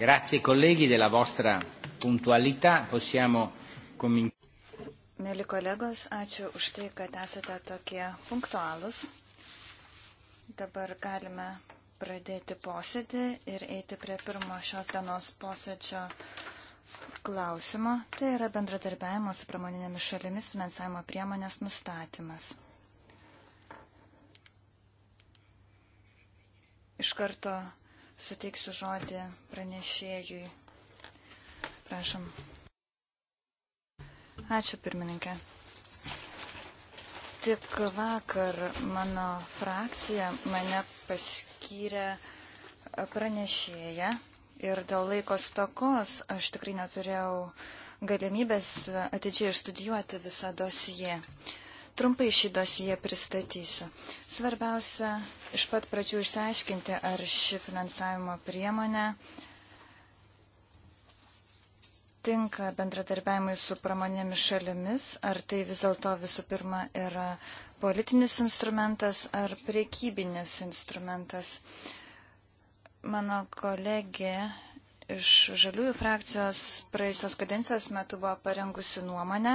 Grazie colleghi della vostra puntualità. Possiamo cominciare. Mėly kolegos, ačiū už tai, kad esate tokie punktualūs. Dabar galime pradėti posėdį ir eiti prie pirmo šios dienos posėdžio klausimo. Tai yra bendradarbiavimo su pramoninėmis šalimis finansavimo priemonės nustatymas. Iš karto suteiksiu žodį pranešėjui. Prašom. Ačiū pirmininkė. Tik vakar mano frakcija mane paskyrė pranešėją ir dėl laiko stokos aš tikrai neturėjau galimybės atidžiai išstudijuoti visą dosiją. Trumpai šį dosiją pristatysiu. Svarbiausia iš pat pradžių išsiaiškinti, ar ši finansavimo priemonė tinka bendradarbiavimui su pramonėmis šalimis, ar tai vis dėlto visų pirma yra politinis instrumentas ar priekybinis instrumentas. Mano kolegė iš žaliųjų frakcijos praėjusios kadencijos metu buvo parengusi nuomonę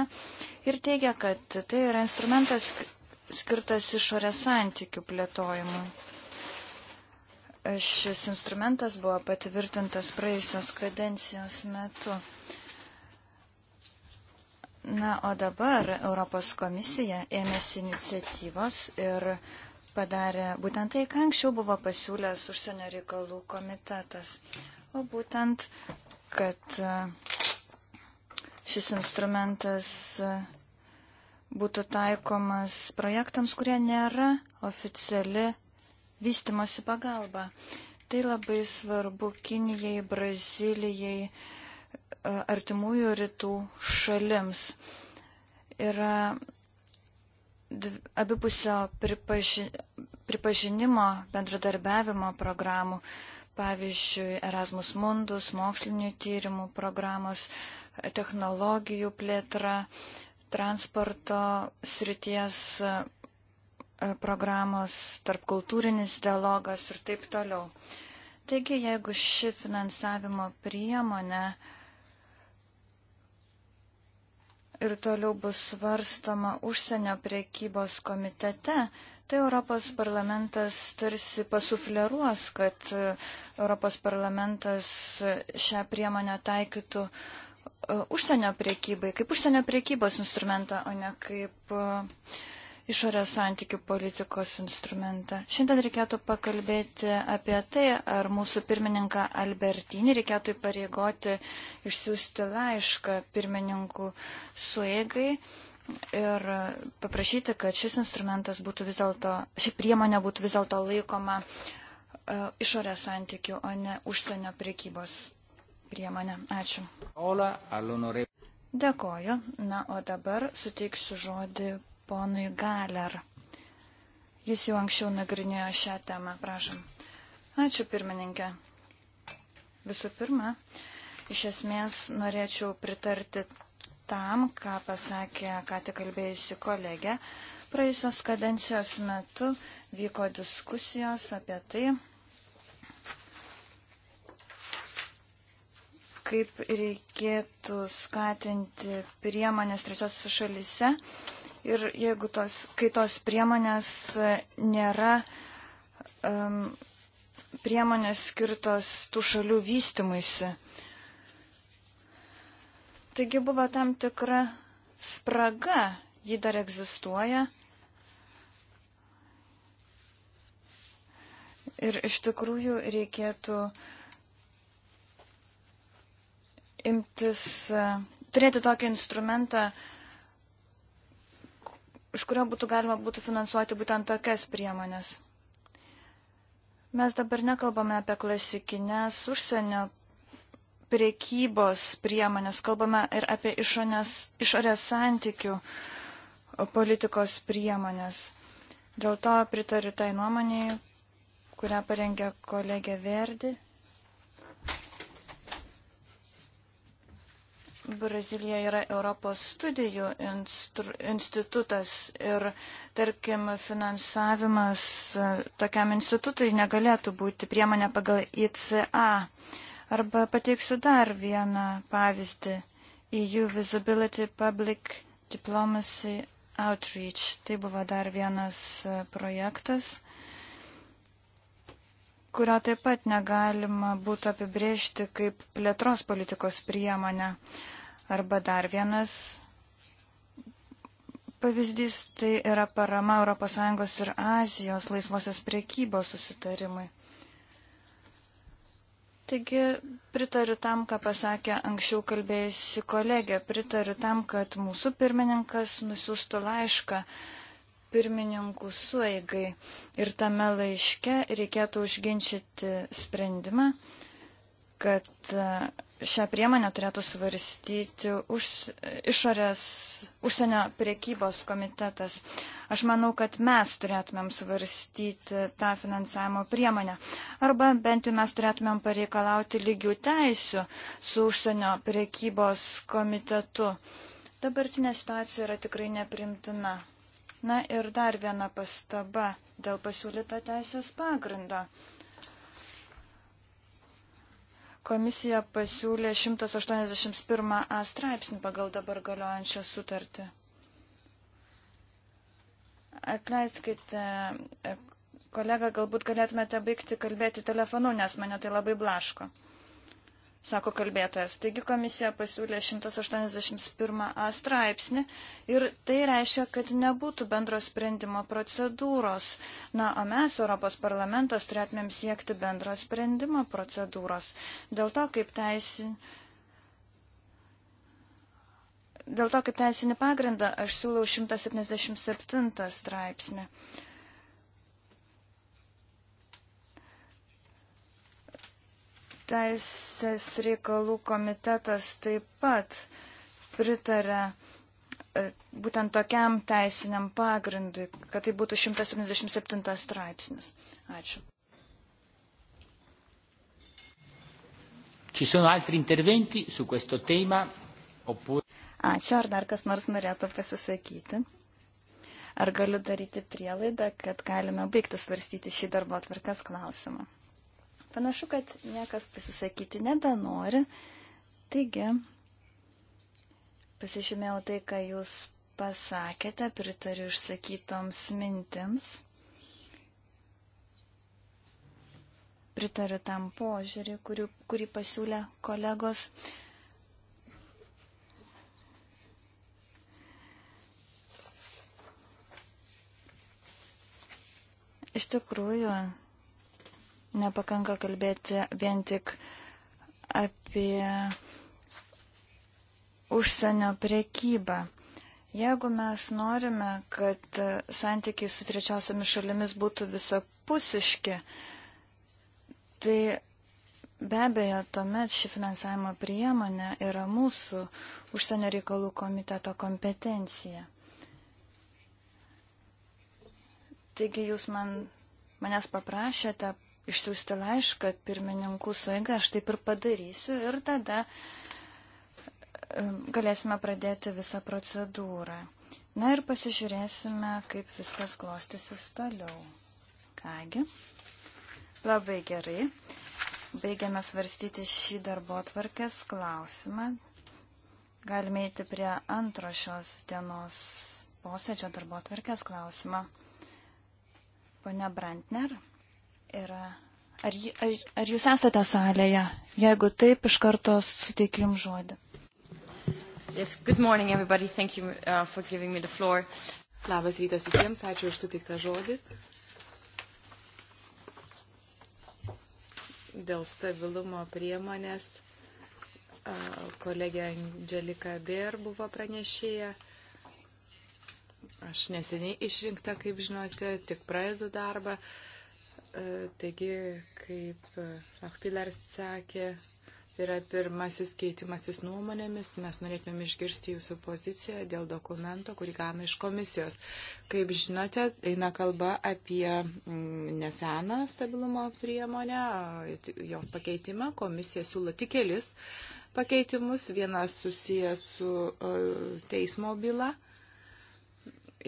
ir teigia, kad tai yra instrumentas skirtas išorės santykių plėtojimui. Šis instrumentas buvo patvirtintas praėjusios kadencijos metu. Na, o dabar Europos komisija ėmėsi iniciatyvos ir padarė būtent tai, ką anksčiau buvo pasiūlęs užsienio reikalų komitetas o būtent, kad e, šis instrumentas e, būtų taikomas projektams, kurie nėra oficiali vystimosi pagalba. Tai labai svarbu Kinijai, Brazilijai, e, artimųjų rytų šalims. Yra abipusio pripaži... pripažinimo bendradarbiavimo programų pavyzdžiui, Erasmus Mundus, mokslinių tyrimų programos, technologijų plėtra, transporto srities e, programos, tarpkultūrinis dialogas ir taip toliau. Taigi, jeigu ši finansavimo priemonė ir toliau bus svarstoma užsienio priekybos komitete, tai Europos parlamentas tarsi pasufleruos, kad e, Europos parlamentas šią priemonę taikytų e, užsienio priekybai, kaip užsienio priekybos instrumentą, o ne kaip e, išorės santykių politikos instrumentą. Šiandien reikėtų pakalbėti apie tai, ar mūsų pirmininką Albertinį reikėtų įpareigoti išsiųsti laišką pirmininkų suėgai ir paprašyti, kad šis instrumentas būtų vis dėlto, ši priemonė būtų vis dėlto laikoma uh, išorės santykių, o ne užsienio priekybos priemonė. Ačiū. Dėkoju. Na, o dabar suteiksiu žodį ponui Galer. Jis jau anksčiau nagrinėjo šią temą. Prašom. Ačiū, pirmininkė. Visų pirma, iš esmės norėčiau pritarti tam, ką pasakė ką tik kalbėjusi kolegė. Praėjusios kadencijos metu vyko diskusijos apie tai, kaip reikėtų skatinti priemonės trečiosios šalise ir jeigu tos, kai tos priemonės nėra um, priemonės skirtos tų šalių vystimuisi. Taigi buvo tam tikra spraga, ji dar egzistuoja. Ir iš tikrųjų reikėtų imtis, e, turėti tokį instrumentą, iš kurio būtų galima būtų finansuoti būtent tokias priemonės. Mes dabar nekalbame apie klasikinės užsienio priekybos priemonės, kalbame ir apie išonės, išorės santykių politikos priemonės. Dėl to pritariu tai nuomonėjai, kurią parengė kolegė Verdi. Brazilija yra Europos studijų instru, institutas ir, tarkim, finansavimas tokiam institutui negalėtų būti priemonė pagal ICA. Arba pateiksiu dar vieną pavyzdį. EU Visibility Public Diplomacy Outreach. Tai buvo dar vienas e, projektas, kurio taip pat negalima būtų apibriežti kaip plėtros politikos priemonę. Arba dar vienas pavyzdys tai yra parama ES ir Azijos laisvosios priekybos susitarimui. Taigi pritariu tam, ką pasakė anksčiau kalbėjusi kolegė, pritariu tam, kad mūsų pirmininkas nusiųstų laišką pirmininkų sueigai ir tame laiške reikėtų užginčyti sprendimą, kad e, šią priemonę turėtų svarstyti už, išorės užsienio priekybos komitetas. Aš manau, kad mes turėtumėm svarstyti tą finansavimo priemonę. Arba bent jau mes turėtumėm pareikalauti lygių teisių su užsienio priekybos komitetu. Dabartinė situacija yra tikrai neprimtina. Na ir dar viena pastaba dėl pasiūlyto teisės pagrindo. Komisija pasiūlė 181a straipsnį pagal dabar galiojančią sutartį. Atleiskite, e, kolega, galbūt galėtumėte baigti kalbėti telefonu, nes mane tai labai blaško sako kalbėtojas. Taigi komisija pasiūlė 181a straipsnį ir tai reiškia, kad nebūtų bendro sprendimo procedūros. Na, o mes, Europos parlamentas, turėtumėm siekti bendro sprendimo procedūros. Dėl to, kaip teisi. Dėl to, kaip teisinį pagrindą, aš siūlau 177 straipsnį. Teisės reikalų komitetas taip pat pritarė e, būtent tokiam teisiniam pagrindui, kad tai būtų 177 straipsnis. Ačiū. Ci sono altri interventi su questo tema? Oppure... Ačiū, ar dar kas nors norėtų pasisakyti? Ar galiu daryti prielaidą, kad galime baigti svarstyti šį darbo atvarkas klausimą? Panašu, kad niekas pasisakyti nebenori. Taigi, pasižymėjau tai, ką jūs pasakėte, pritariu išsakytoms mintims. Pritariu tam požiūrį, kurį, kurį pasiūlė kolegos. Iš tikrųjų, Nepakanka kalbėti vien tik apie užsienio priekybą. Jeigu mes norime, kad santykiai su trečiosiomis šalimis būtų visapusiški, tai Be abejo, tuomet ši finansavimo priemonė yra mūsų užsienio reikalų komiteto kompetencija. Taigi jūs man, manęs paprašėte išsiųsti laišką pirmininkų suėga, aš taip ir padarysiu ir tada e, galėsime pradėti visą procedūrą. Na ir pasižiūrėsime, kaip viskas klostysis toliau. Kągi, labai gerai. Baigiame svarstyti šį darbo atvarkės klausimą. Galime eiti prie antro šios dienos posėdžio darbo atvarkės klausimą. Pone Brantner yra. Ar, ar, ar jūs esate salėje? Jeigu taip, iš karto suteikim žodį. Yes, good morning everybody. Thank you uh, for giving me the floor. Labas rytas visiems, ačiū už suteiktą žodį. Dėl stabilumo priemonės kolegė Angelika Bėr buvo pranešėja. Aš neseniai išrinkta, kaip žinote, tik pradedu darbą. Uh, E, taigi, kaip e, Akpilar sakė, tai yra pirmasis keitimasis nuomonėmis. Mes norėtumėm išgirsti jūsų poziciją dėl dokumento, kurį gavome iš komisijos. Kaip žinote, eina kalba apie mm, neseną stabilumo priemonę, jos pakeitimą. Komisija siūlo tik kelis pakeitimus. Vienas susijęs su e, teismo byla.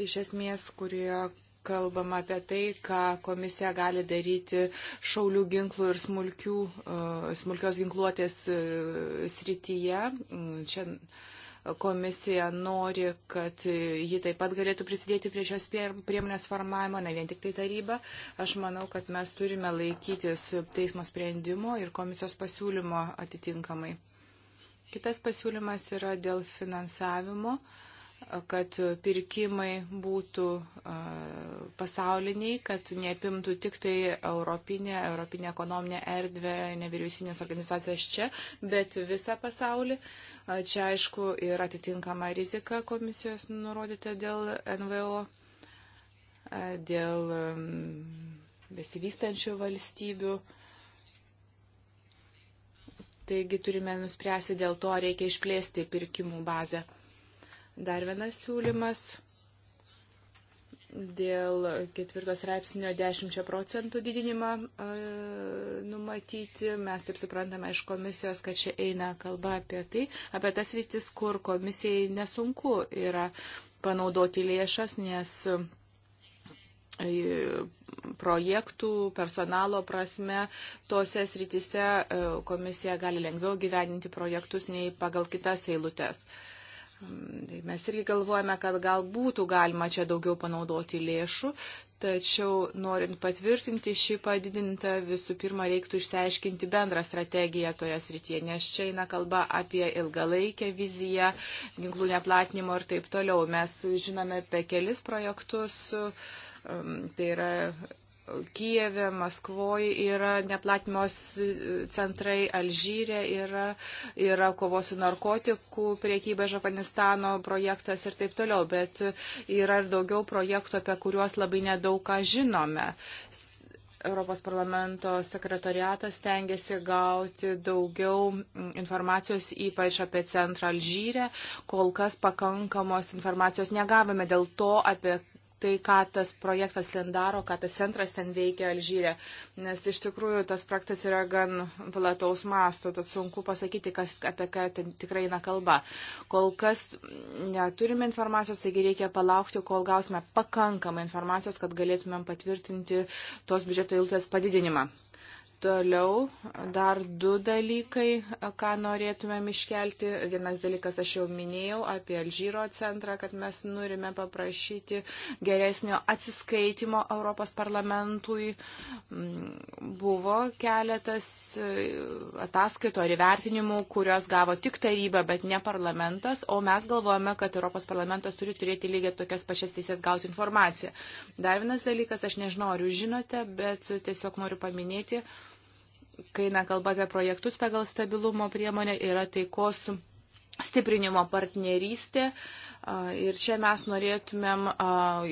Iš esmės, kurie kalbama apie tai, ką komisija gali daryti šaulių ginklų ir smulkių, e, smulkios ginkluotės e, srityje. Čia komisija nori, kad ji taip pat galėtų prisidėti prie šios priemonės formavimo, ne vien tik tai taryba. Aš manau, kad mes turime laikytis teismo sprendimo ir komisijos pasiūlymo atitinkamai. Kitas pasiūlymas yra dėl finansavimo. Uh, kad pirkimai būtų pasauliniai, kad neapimtų tik tai europinę, europinę ekonominę erdvę, nevyriausinės organizacijas čia, bet visą pasaulį. Čia aišku ir atitinkama rizika komisijos nurodyta dėl NVO, dėl besivystančių valstybių. Taigi turime nuspręsti dėl to, reikia išplėsti pirkimų bazę. Dar vienas siūlymas dėl ketvirtos reipsnio 10 procentų didinimą e, numatyti. Mes taip suprantame iš komisijos, kad čia eina kalba apie tai, apie tas rytis, kur komisijai nesunku yra panaudoti lėšas, nes e, projektų, personalo prasme, tose sritise e, komisija gali lengviau gyveninti projektus nei pagal kitas eilutes. Tai mes irgi galvojame, kad gal būtų galima čia daugiau panaudoti lėšų, tačiau norint patvirtinti šį padidintą, visų pirma, reiktų išsiaiškinti bendrą strategiją toje srityje, nes čia eina kalba apie ilgalaikę viziją, ginklų neplatinimo ir taip toliau. Mes žinome apie kelis projektus, um, tai yra Kijeve, Maskvoje yra neplatimos e, centrai, Alžyrė yra, yra kovos su narkotikų priekyba iš Afganistano projektas ir taip toliau, bet yra ir daugiau projektų, apie kuriuos labai nedaug ką žinome. Europos parlamento sekretoriatas tengiasi gauti daugiau informacijos, ypač apie centrą Alžyrę. Kol kas pakankamos informacijos negavome, dėl to apie tai, ką tas projektas ten daro, ką tas centras ten veikia Alžyrė. Nes iš tikrųjų tas projektas yra gan plataus masto, tad sunku pasakyti, kas, apie ką ten tikrai eina kalba. Kol kas neturime informacijos, taigi reikia palaukti, kol gausime pakankamą informacijos, kad galėtumėm patvirtinti tos biudžeto eilutės padidinimą. Toliau dar du dalykai, ką norėtumėm iškelti. Vienas dalykas, aš jau minėjau apie Alžyro centrą, kad mes norime paprašyti geresnio atsiskaitimo Europos parlamentui. Mm, buvo keletas e, ataskaitų ar įvertinimų, kurios gavo tik taryba, bet ne parlamentas, o mes galvojame, kad Europos parlamentas turi turėti lygiai tokias pačias teisės gauti informaciją. Dar vienas dalykas, aš nežinau, ar jūs žinote, bet tiesiog noriu paminėti. Thank you kai eina kalba apie projektus pagal stabilumo priemonę, yra taikos stiprinimo partnerystė. Ir čia mes norėtumėm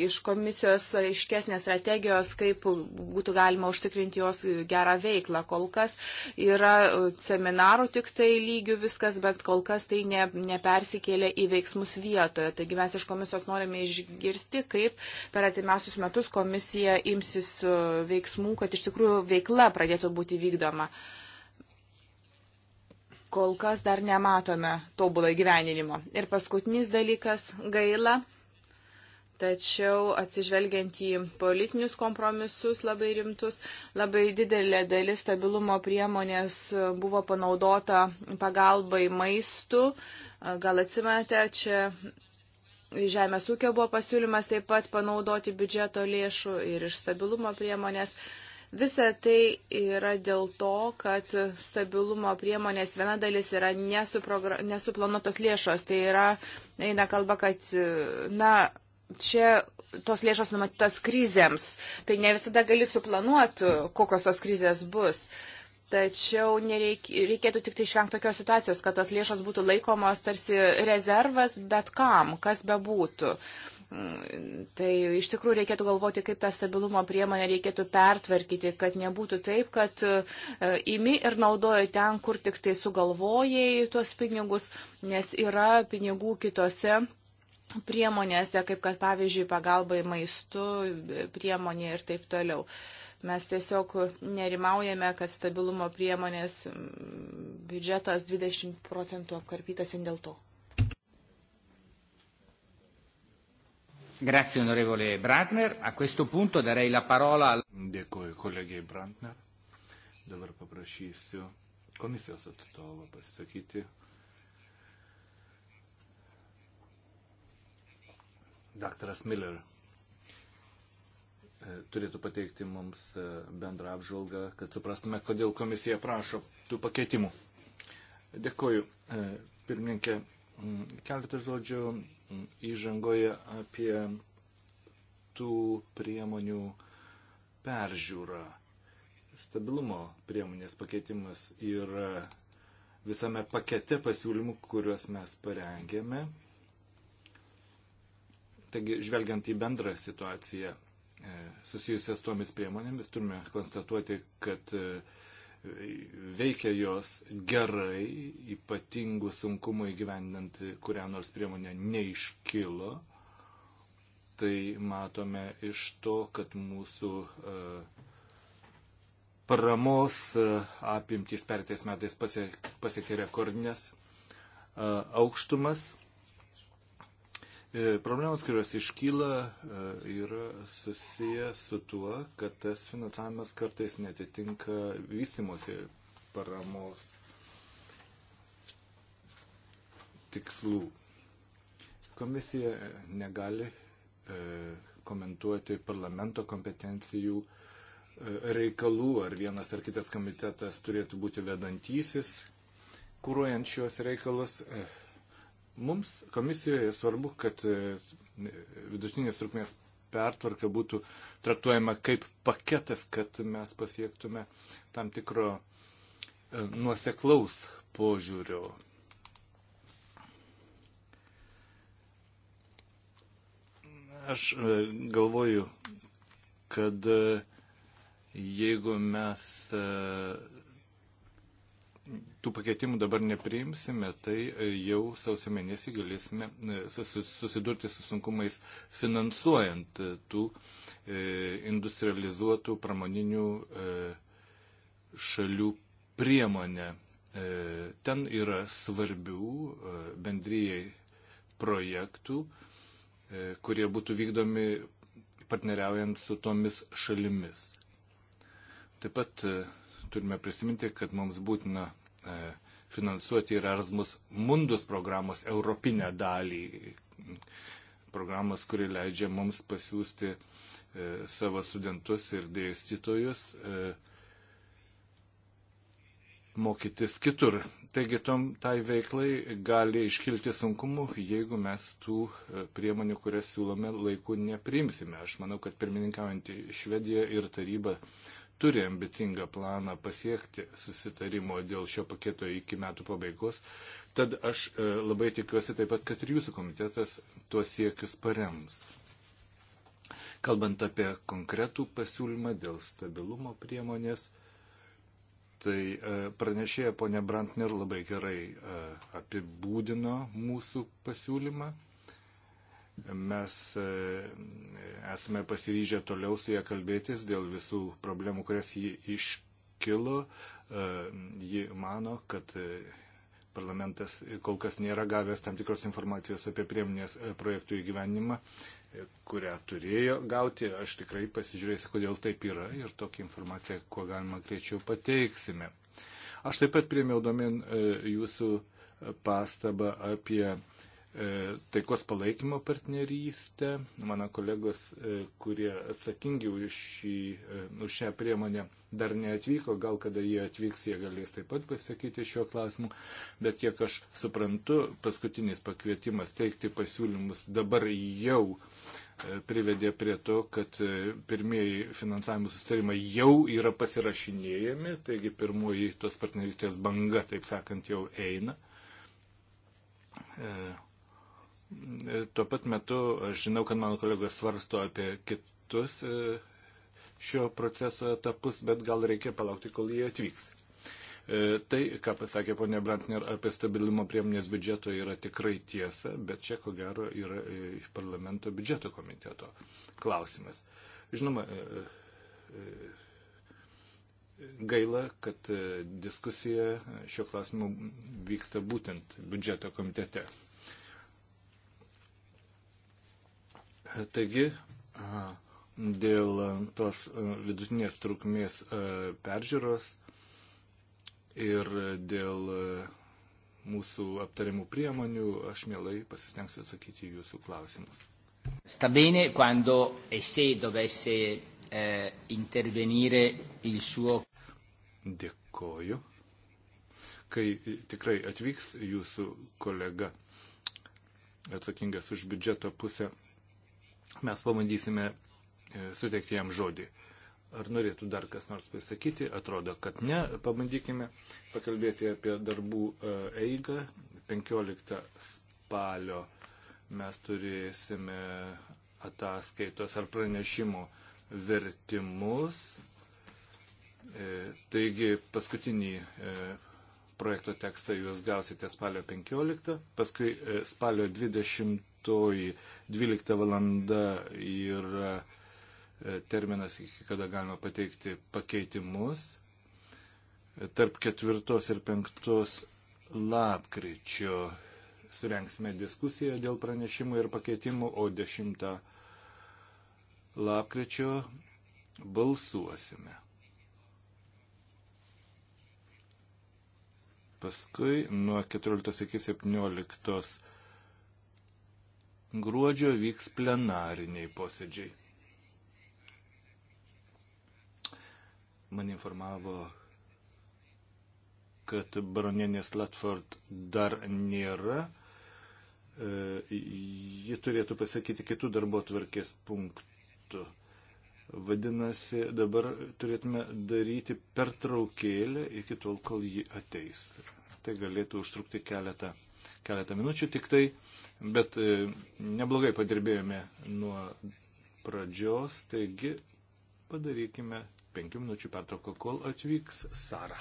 iš komisijos aiškesnės strategijos, kaip būtų galima užtikrinti jos gerą veiklą. Kol kas yra seminarų tik tai lygių viskas, bet kol kas tai ne, nepersikėlė į veiksmus vietoje. Taigi mes iš komisijos norime išgirsti, kaip per atimiausius metus komisija imsis veiksmų, kad iš tikrųjų veikla pradėtų būti vykdoma. Uh, kol kas dar nematome tobulo gyveninimo. Ir paskutinis dalykas - gaila. Tačiau atsižvelgiant į politinius kompromisus labai rimtus, labai didelė dalis stabilumo priemonės buvo panaudota pagalbai maistų. Gal atsimenate, čia žemės ūkio buvo pasiūlymas taip pat panaudoti biudžeto lėšų ir iš stabilumo priemonės. Uh, Visa tai yra dėl to, kad stabilumo priemonės viena dalis yra nesuplanuotos lėšos. Tai yra, eina kalba, kad, na, čia tos lėšos numatytos krizėms. Tai ne visada gali suplanuoti, kokios tos krizės bus. Tačiau nereik, reikėtų tik tai išvengti tokios situacijos, kad tos lėšos būtų laikomos tarsi rezervas bet kam, kas bebūtų. būtų Tai iš tikrųjų reikėtų galvoti, kaip tą stabilumo priemonę reikėtų pertvarkyti, kad nebūtų taip, kad e, imi ir naudoji ten, kur tik tai sugalvojai tuos pinigus, nes yra pinigų kitose priemonėse, kaip kad pavyzdžiui pagalbai maistu priemonė ir taip toliau. Mes tiesiog nerimaujame, kad stabilumo priemonės biudžetas 20 procentų apkarpytas ir dėl to. Grazie onorevole Brantner. A questo punto darei la parola. Dėkuoju kolegijai Brantner. Dabar paprašysiu komisijos atstovą pasisakyti. Daktaras Miller e, turėtų pateikti mums e, bendrą apžvalgą, kad suprastume, kodėl komisija prašo tų pakeitimų. Dėkuoju, e, pirmininkė, Keletą žodžių įžangoje apie tų priemonių peržiūrą. Stabilumo priemonės pakeitimas yra visame pakete pasiūlymų, kuriuos mes parengėme. Taigi, žvelgiant į bendrą situaciją e, susijusią su tomis priemonėmis, turime konstatuoti, kad e, veikia jos gerai, ypatingų sunkumų įgyvendinant kurią nors priemonę neiškilo. Tai matome iš to, kad mūsų e, paramos e, apimtys pertais metais pasiekė rekordinės e, aukštumas. E, Problemas, kurios iškyla, e, yra susiję su tuo, kad tas finansavimas kartais netitinka vystimosi paramos tikslų. Komisija negali e, komentuoti parlamento kompetencijų reikalų, ar vienas ar kitas komitetas turėtų būti vedantysis, kūruojant šios reikalus. Eh, Mums komisijoje svarbu, kad e, vidutinės trukmės pertvarka būtų traktuojama kaip paketas, kad mes pasiektume tam tikro e, nuoseklaus požiūrio. Aš e, galvoju, kad jeigu mes tų pakeitimų dabar nepriimsime, tai e, jau sausio mėnesį galėsime e, susidurti su sunkumais finansuojant e, tų industrializuotų pramoninių šalių priemonę. Ten yra svarbių bendryjai projektų, kurie būtų vykdomi partneriaujant su tomis šalimis. Taip pat turime prisiminti, kad mums būtina e, finansuoti ir Erasmus Mundus programos europinę dalį, programos, kuri leidžia mums pasiūsti e, savo studentus ir dėstytojus e, mokytis kitur. Taigi tom tai veiklai gali iškilti sunkumų, jeigu mes tų e, priemonių, kurias siūlome, laiku neprimsime. Aš manau, kad pirmininkaujantį Švediją ir tarybą turi ambicingą planą pasiekti susitarimo dėl šio paketo iki metų pabaigos. Tad aš e, labai tikiuosi taip pat, kad ir jūsų komitetas tuos siekius parems. Kalbant apie konkretų pasiūlymą dėl stabilumo priemonės, tai e, pranešėja ponė Brantner labai gerai e, apibūdino mūsų pasiūlymą. Mes e, esame pasiryžę toliau su ją kalbėtis dėl visų problemų, kurias ji iškilo. E, ji mano, kad e, parlamentas kol kas nėra gavęs tam tikros informacijos apie priemonės projektų įgyvenimą, kurią turėjo gauti. Aš tikrai pasižiūrėsiu, kodėl taip yra ir tokią informaciją, kuo galima greičiau pateiksime. Aš taip pat priemiau domin jūsų pastabą apie E, taikos palaikymo partnerystę. Mano kolegos, e, kurie atsakingi už, šį, e, už šią priemonę, dar neatvyko, gal kada jie atvyks, jie galės taip pat pasakyti šiuo klausimu, bet kiek aš suprantu, paskutinis pakvietimas teikti pasiūlymus dabar jau privedė prie to, kad pirmieji finansavimo sustarimai jau yra pasirašinėjami, taigi pirmoji tos partnerystės banga, taip sakant, jau eina Tuo pat metu aš žinau, kad mano kolegos svarsto apie kitus e, šio proceso etapus, bet gal reikia palaukti, kol jie atvyks. E, tai, ką pasakė ponė Brantner apie stabilumo priemonės biudžeto, yra tikrai tiesa, bet čia, ko gero, yra e, parlamento biudžeto komiteto klausimas. Žinoma, gaila, kad diskusija šio klausimu vyksta būtent biudžeto komitete. Taigi, dėl tos vidutinės trukmės peržiūros ir dėl mūsų aptariamų priemonių aš mielai pasistengsiu atsakyti jūsų klausimus. Sta bene quando e se dovesse eh, intervenire il suo. Dėkoju. Kai tikrai atvyks jūsų kolega atsakingas už biudžeto pusę, Mes pabandysime e, suteikti jam žodį. Ar norėtų dar kas nors pasakyti? Atrodo, kad ne. Pabandykime pakalbėti apie darbų e, eigą. 15 spalio mes turėsime ataskaitos ar pranešimų vertimus. E, taigi paskutinį projekto tekstą jūs gausite spalio 15, paskui spalio 20 12 valanda yra e, terminas, iki kada galima pateikti pakeitimus. E, tarp 4 ir 5 lapkričio surenksime diskusiją dėl pranešimų ir pakeitimų, o 10 lapkričio balsuosime. Paskui nuo 14 iki 17 gruodžio vyks plenariniai posėdžiai. Man informavo, kad baronienės Latford dar nėra. E, ji turėtų pasakyti kitų darbo tvarkės punktų. Vadinasi, dabar turėtume daryti pertraukėlę iki tol, kol ji ateis. Tai galėtų užtrukti keletą keletą minučių tik tai, bet e, neblogai padirbėjome nuo pradžios, taigi padarykime penkių minučių pertrauką, kol atvyks Sara.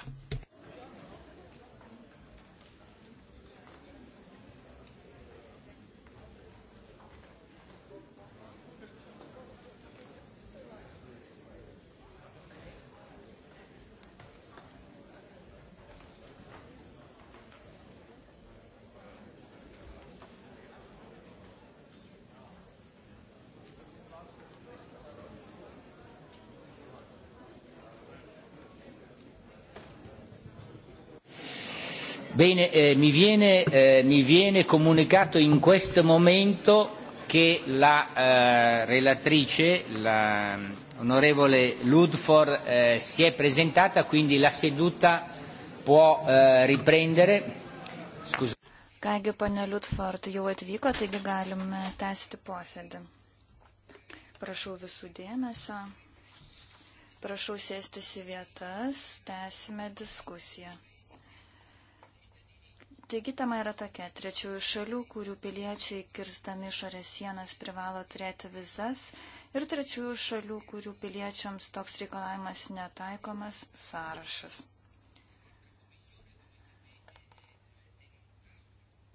Bene, eh, mi, viene, eh, mi viene comunicato in questo momento che la eh, relatrice, l'onorevole mm, Ludford, eh, si è presentata, quindi la seduta può eh, riprendere. Scusa. Kągi, pane Liutford jau atvyko, taigi galime eh, tęsti posėdį. Prašau visų dėmesio. Prašau sėstis į vietas, tęsime diskusiją. Taigi tema yra tokia. Trečiųjų šalių, kurių piliečiai kirstami išorės sienas privalo turėti vizas ir trečiųjų šalių, kurių piliečiams toks reikalavimas netaikomas sąrašas.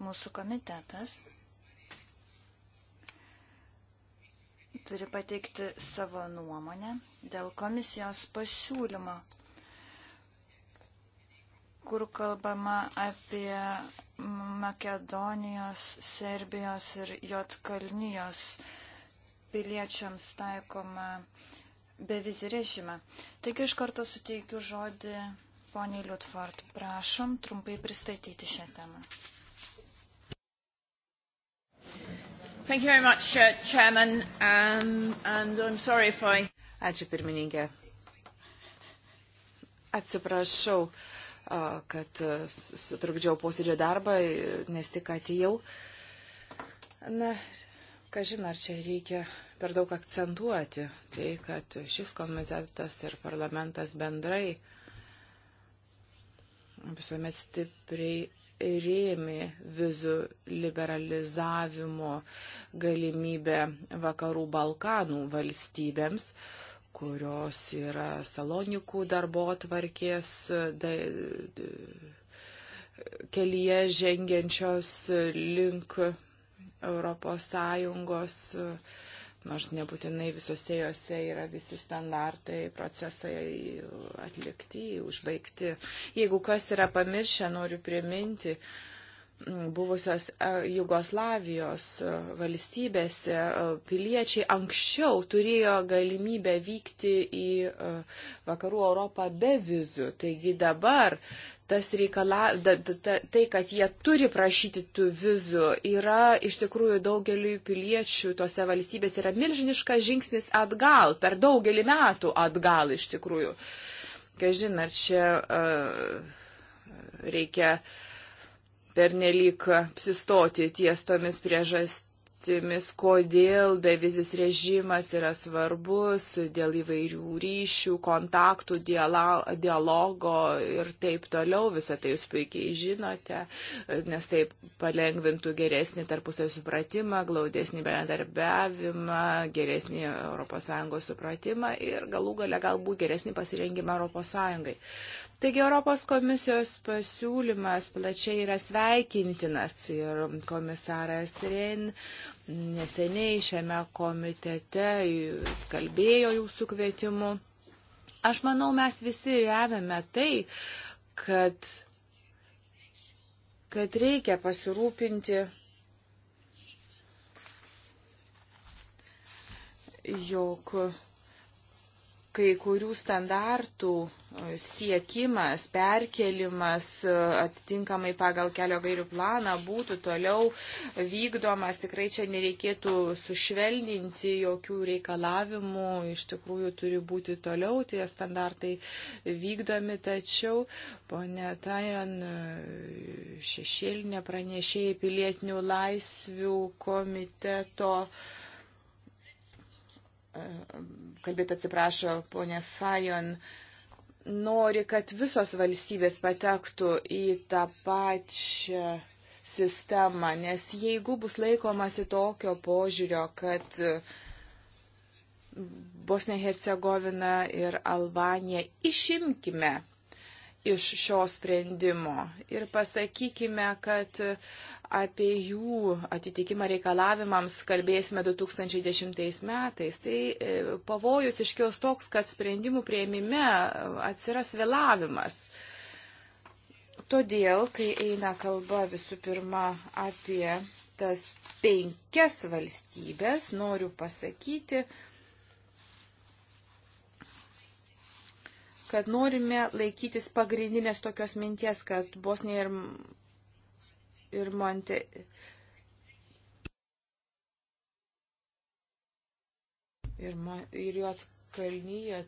Mūsų komitetas turi pateikti savo nuomonę dėl komisijos pasiūlymo kur kalbama apie Makedonijos, Serbijos ir Jotkalnijos piliečiams taikoma bevizį režimą. Taigi iš karto suteikiu žodį poniai Liutford. Prašom trumpai pristatyti šią temą. Thank you very much, uh, Chairman, um, and I'm sorry if I... Ačiū pirmininkė. Atsiprašau. Uh, kad sutrukdžiau posėdžio darbą, nes tik atėjau. Na, kažin ar čia reikia per daug akcentuoti tai, kad šis komitetas ir parlamentas bendrai visuomet stipriai rėmė vizų liberalizavimo galimybę vakarų Balkanų valstybėms. Uh, kurios yra salonikų darbo tvarkės da, kelyje žengiančios link Europos Sąjungos, nors nebūtinai visose jose yra visi standartai, procesai atlikti, užbaigti. Jeigu kas yra pamiršę, noriu priminti, uh, buvusios e, Jugoslavijos e, valstybėse e, piliečiai anksčiau turėjo galimybę vykti į vakarų Europą be vizų. Taigi dabar tas reikala, da, da, tai, kad jie turi prašyti tų vizų, yra iš tikrųjų daugeliu piliečių tose valstybėse yra milžiniškas žingsnis atgal, per daugelį metų atgal iš tikrųjų. Kažin, ar čia uh, reikia uh, pernelyg apsistoti ties tomis priežastimis, kodėl bevizis režimas yra svarbus dėl įvairių ryšių, kontaktų, dialogo ir taip toliau. Visą tai jūs puikiai žinote, nes tai palengvintų geresnį tarpusavio supratimą, glaudesnį bendradarbiavimą, geresnį ES supratimą ir galų gale galbūt geresnį pasirengimą ES. Taigi Europos komisijos pasiūlymas plačiai yra sveikintinas ir komisaras Ren neseniai šiame komitete kalbėjo jūsų kvietimu. Aš manau, mes visi remiame tai, kad, kad reikia pasirūpinti jog kai kurių standartų e, siekimas, perkelimas e, atitinkamai pagal kelio gairių planą būtų toliau vykdomas. Tikrai čia nereikėtų sušvelninti jokių reikalavimų, iš tikrųjų turi būti toliau tie standartai vykdomi. Tačiau, ponė Tajan, e, šešėlinė pranešėjai pilietinių laisvių komiteto uh, kalbėti atsiprašo ponė Fajon, nori, kad visos valstybės patektų į tą pačią sistemą, nes jeigu bus laikomasi tokio požiūrio, kad Bosnė Hercegovina ir Albanija išimkime iš šio sprendimo ir pasakykime, kad apie jų atitikimą reikalavimams kalbėsime 2010 metais, tai e, pavojus iškios toks, kad sprendimų prieimime atsiras vėlavimas. Todėl, kai eina kalba visų pirma apie tas penkias valstybės, noriu pasakyti, kad norime laikytis pagrindinės tokios minties, kad Bosnija ir, ir Monte. Ir, ir jo kalnyje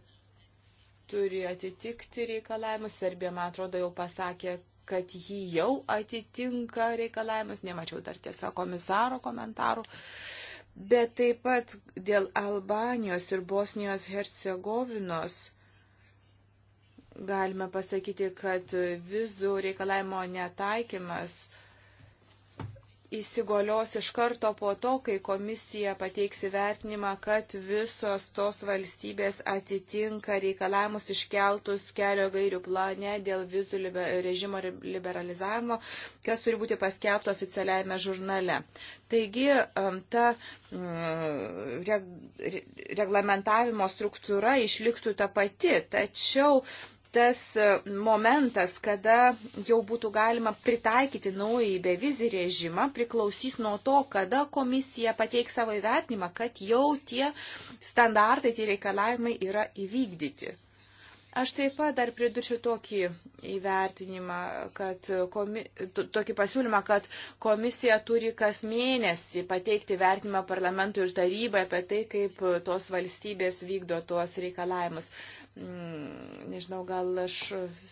turi atitikti reikalavimus. Serbija, man atrodo, jau pasakė, kad jį jau atitinka reikalavimus. Nemačiau dar tiesa komisaro komentarų. Bet taip pat dėl Albanijos ir Bosnijos Hercegovinos galime pasakyti, kad vizų reikalavimo netaikymas įsigalios iš karto po to, kai komisija pateiks įvertinimą, kad visos tos valstybės atitinka reikalavimus iškeltus kelio gairių plane dėl vizų liber, režimo liberalizavimo, kas turi būti paskelbta oficialiajame žurnale. Taigi, ta mm, reglamentavimo struktūra išliktų ta pati, tačiau tas e, momentas, kada jau būtų galima pritaikyti naująjį bevizį režimą, priklausys nuo to, kada komisija pateiks savo įvertinimą, kad jau tie standartai, tie reikalavimai yra įvykdyti. Aš taip pat dar pridurčiau tokį įvertinimą, kad komi, tokį pasiūlymą, kad komisija turi kas mėnesį pateikti vertinimą parlamentui ir tarybai apie tai, kaip tos valstybės vykdo tuos reikalavimus. Mm, nežinau, gal aš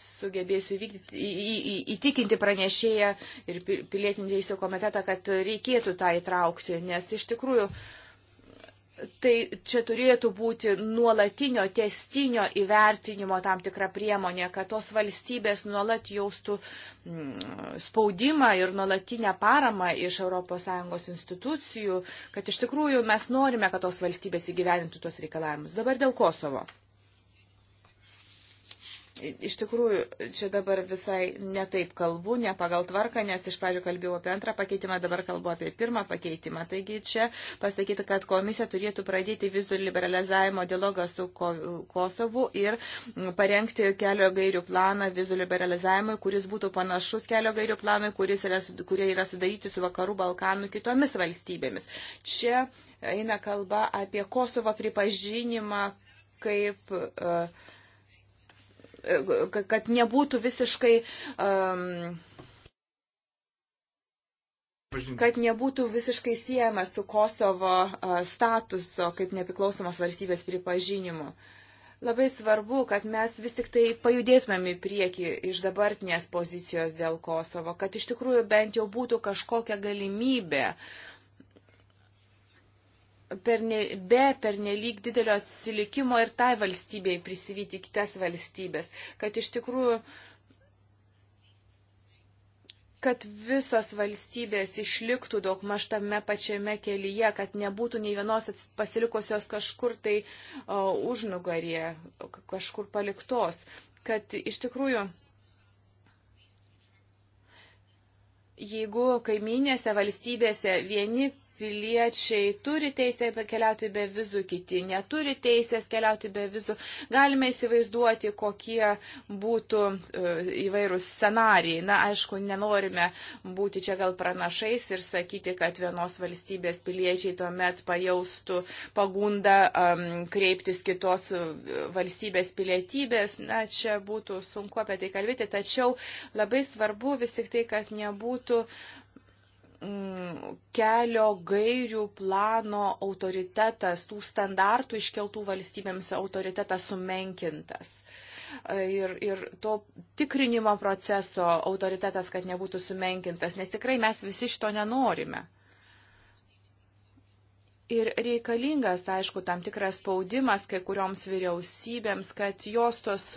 sugebėsiu įvykdyti, į, į, įtikinti pranešėją ir pilietinių teisų komitetą, kad reikėtų tą įtraukti, nes iš tikrųjų tai čia turėtų būti nuolatinio, testinio įvertinimo tam tikra priemonė, kad tos valstybės nuolat jaustų mm, spaudimą ir nuolatinę paramą iš ES institucijų, kad iš tikrųjų mes norime, kad tos valstybės įgyvenintų tos reikalavimus. Dabar dėl Kosovo. Iš tikrųjų, čia dabar visai netaip kalbu, ne pagal tvarką, nes iš pradžių kalbėjau apie antrą pakeitimą, dabar kalbu apie pirmą pakeitimą. Taigi čia pasakyti, kad komisija turėtų pradėti vizų liberalizavimo dialogą su Ko Kosovu ir parengti kelio gairių planą vizų liberalizavimui, kuris būtų panašus kelio gairių planui, yra, kurie yra sudaryti su Vakarų Balkanų kitomis valstybėmis. Čia eina kalba apie Kosovo pripažinimą kaip uh, kad nebūtų visiškai. Um, kad nebūtų visiškai siejama su Kosovo uh, statuso kaip nepriklausomos valstybės pripažinimu. Labai svarbu, kad mes vis tik tai pajudėtumėm į priekį iš dabartinės pozicijos dėl Kosovo, kad iš tikrųjų bent jau būtų kažkokia galimybė uh, perne, be pernelyg didelio atsilikimo ir tai valstybei prisivyti kitas valstybės, kad iš tikrųjų kad visos valstybės išliktų daug maž tame pačiame kelyje, kad nebūtų nei vienos pasilikusios kažkur tai o, užnugarėje, kažkur paliktos, kad iš tikrųjų jeigu kaiminėse valstybėse vieni piliečiai turi teisę keliauti be vizų, kiti neturi teisės keliauti be vizų. Galime įsivaizduoti, kokie būtų e, įvairūs scenarijai. Na, aišku, nenorime būti čia gal pranašais ir sakyti, kad vienos valstybės piliečiai tuomet pajaustų pagundą um, kreiptis kitos e, valstybės pilietybės. Na, čia būtų sunku apie tai kalbėti, tačiau labai svarbu vis tik tai, kad nebūtų uh, Mm, kelio gairių plano autoritetas, tų standartų iškeltų valstybėms autoritetas sumenkintas. E, ir, ir to tikrinimo proceso autoritetas, kad nebūtų sumenkintas, nes tikrai mes visi šito nenorime. Ir reikalingas, aišku, tam tikras spaudimas kai kurioms vyriausybėms, kad jos tos,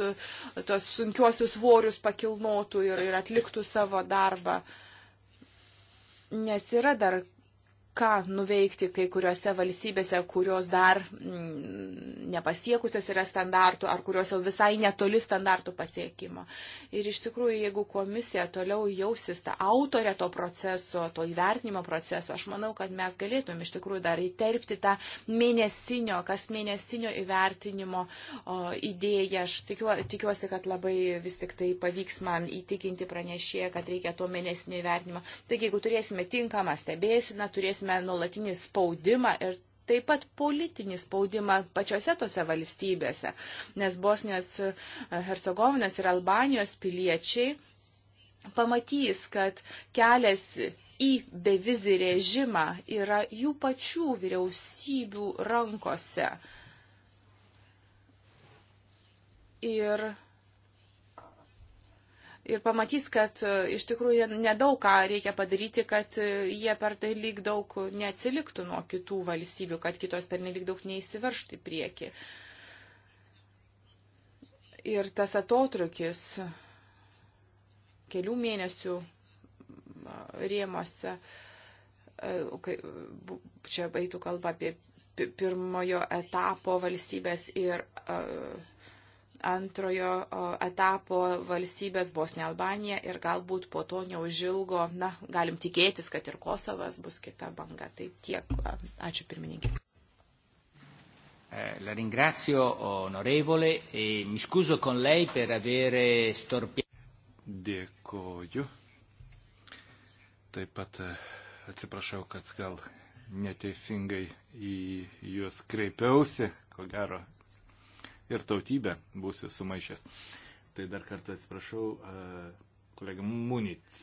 tos sunkiuosius svorius pakilnotų ir, ir atliktų savo darbą. Uh, nes yra dar ką nuveikti kai kuriuose valstybėse, kurios dar mm, nepasiekusios yra standartų ar kurios jau visai netoli standartų pasiekimo. Ir iš tikrųjų, jeigu komisija toliau jausis tą autorę to proceso, to įvertinimo proceso, aš manau, kad mes galėtum iš tikrųjų dar įterpti tą mėnesinio, kas mėnesinio įvertinimo o, idėją. Aš tikiu, tikiuosi, kad labai vis tik tai pavyks man įtikinti pranešėją, kad reikia to mėnesinio įvertinimo. Taigi, jeigu turėsime tinkamą stebėsiną, turėsime prasme nuolatinį spaudimą ir taip pat politinį spaudimą pačiose tose valstybėse, nes Bosnijos, e, Hercegovinos ir Albanijos piliečiai pamatys, kad kelias į bevizį režimą yra jų pačių vyriausybių rankose. Ir ir pamatys, kad e, iš tikrųjų nedaug ką reikia padaryti, kad e, jie per tai lyg daug neatsiliktų nuo kitų valstybių, kad kitos per nelik daug neįsiverštų į priekį. Ir tas atotrukis kelių mėnesių rėmose, e, čia baitų kalba apie pirmojo etapo valstybės ir uh, antrojo etapo valstybės Bosnė Albanija ir galbūt po to neužilgo, na, galim tikėtis, kad ir Kosovas bus kita banga. Tai tiek. Ačiū pirmininkė. Eh, la ringrazio onorevole e mi scuso con lei per avere storpiato. Dėkoju. Taip pat eh, atsiprašau, kad gal neteisingai į juos kreipiausi, ko gero ir tautybę būsiu sumaišęs. Tai dar kartą atsiprašau, e, kolega Munic.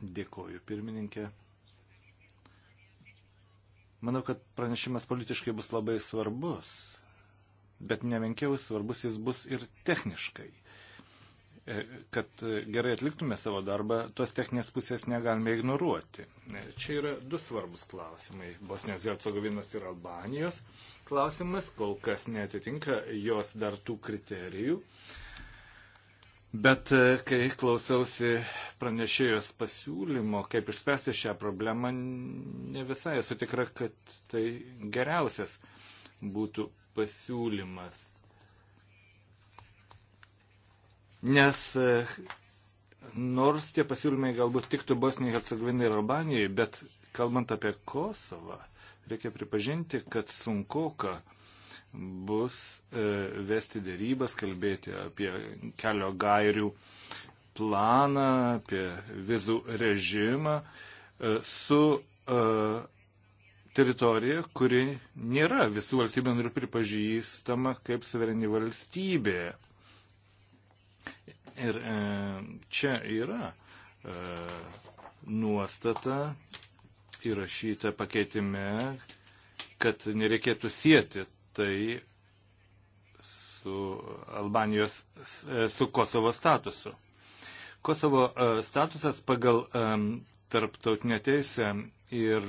Dėkoju, pirmininkė. Manau, kad pranešimas politiškai bus labai svarbus, bet nemenkiau svarbus jis bus ir techniškai. E, kad gerai atliktume savo darbą, tos techninės pusės negalime ignoruoti. E, čia yra du svarbus klausimai. Bosnijos ir Atsogovinos ir Albanijos klausimas kol kas netitinka jos dar tų kriterijų. Bet e, kai klausiausi pranešėjos pasiūlymo, kaip išspręsti šią problemą, ne visai esu tikra, kad tai geriausias būtų pasiūlymas Nes e, nors tie pasiūlymai galbūt tiktų Bosnijai, Hercegovinai ir Albanijai, bet kalbant apie Kosovą, reikia pripažinti, kad sunku, kad bus e, vesti dėrybas, kalbėti apie kelio gairių planą, apie vizų režimą e, su e, teritorija, kuri nėra visų valstybių narių pripažįstama kaip suvereni valstybė. Ir e, čia yra e, nuostata įrašyta pakeitime, kad nereikėtų sieti tai su Albanijos, e, su Kosovo statusu. Kosovo e, statusas pagal e, tarptautinę teisę ir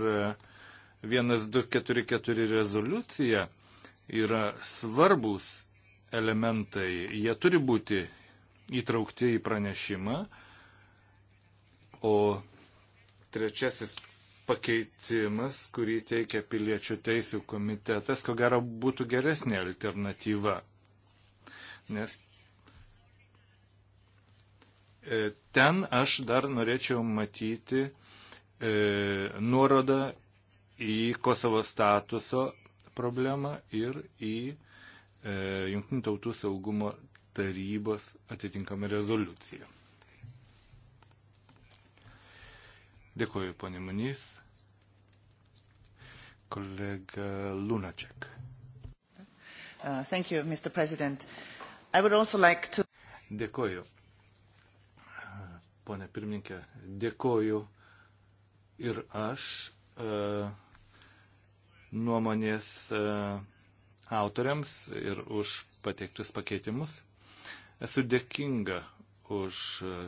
1244 rezoliucija yra svarbus elementai. Jie turi būti įtraukti į pranešimą, o trečiasis pakeitimas, kurį teikia piliečių teisų komitetas, ko gero būtų geresnė alternatyva. Nes e, ten aš dar norėčiau matyti e, nuorodą į Kosovo statuso problemą ir į e, Junktinių tautų saugumo tarybos atitinkamą rezoliuciją. Dėkuoju, ponė Manys. Kolega Lunaček. Uh, thank you, Mr. President. I would also like to... Dėkuoju. Pone pirmininkė, dėkuoju ir aš uh, nuomonės uh, autoriams ir už pateiktus pakeitimus. Esu dėkinga už e,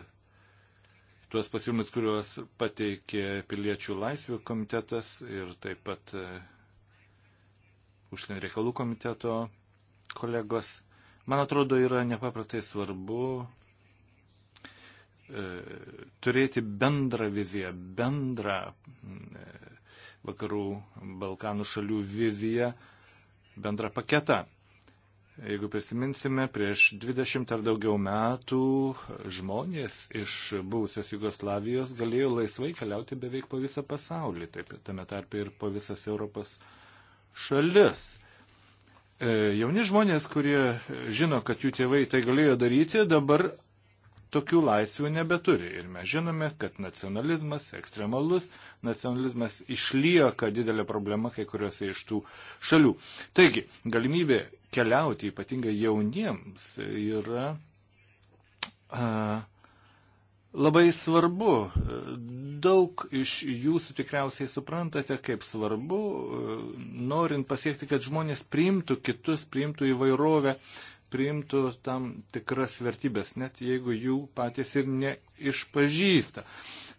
tuos pasiūlymus, kuriuos pateikė piliečių laisvių komitetas ir taip pat e, užsienio reikalų komiteto kolegos. Man atrodo, yra nepaprastai svarbu e, turėti bendrą viziją, bendrą vakarų Balkanų šalių viziją, bendrą paketą. Jeigu prisiminsime, prieš 20 ar daugiau metų žmonės iš buvusios Jugoslavijos galėjo laisvai keliauti beveik po visą pasaulį, taip tame tarpe ir po visas Europos šalis. E, jauni žmonės, kurie žino, kad jų tėvai tai galėjo daryti, dabar tokių laisvių nebeturi. Ir mes žinome, kad nacionalizmas, ekstremalus nacionalizmas išlieka didelė problema kai kuriuose iš tų šalių. Taigi, galimybė keliauti ypatingai jauniems yra a, labai svarbu. Daug iš jūsų tikriausiai suprantate, kaip svarbu, norint pasiekti, kad žmonės priimtų kitus, priimtų įvairovę. A, priimtų tam tikras vertybės, net jeigu jų patys ir neišpažįsta.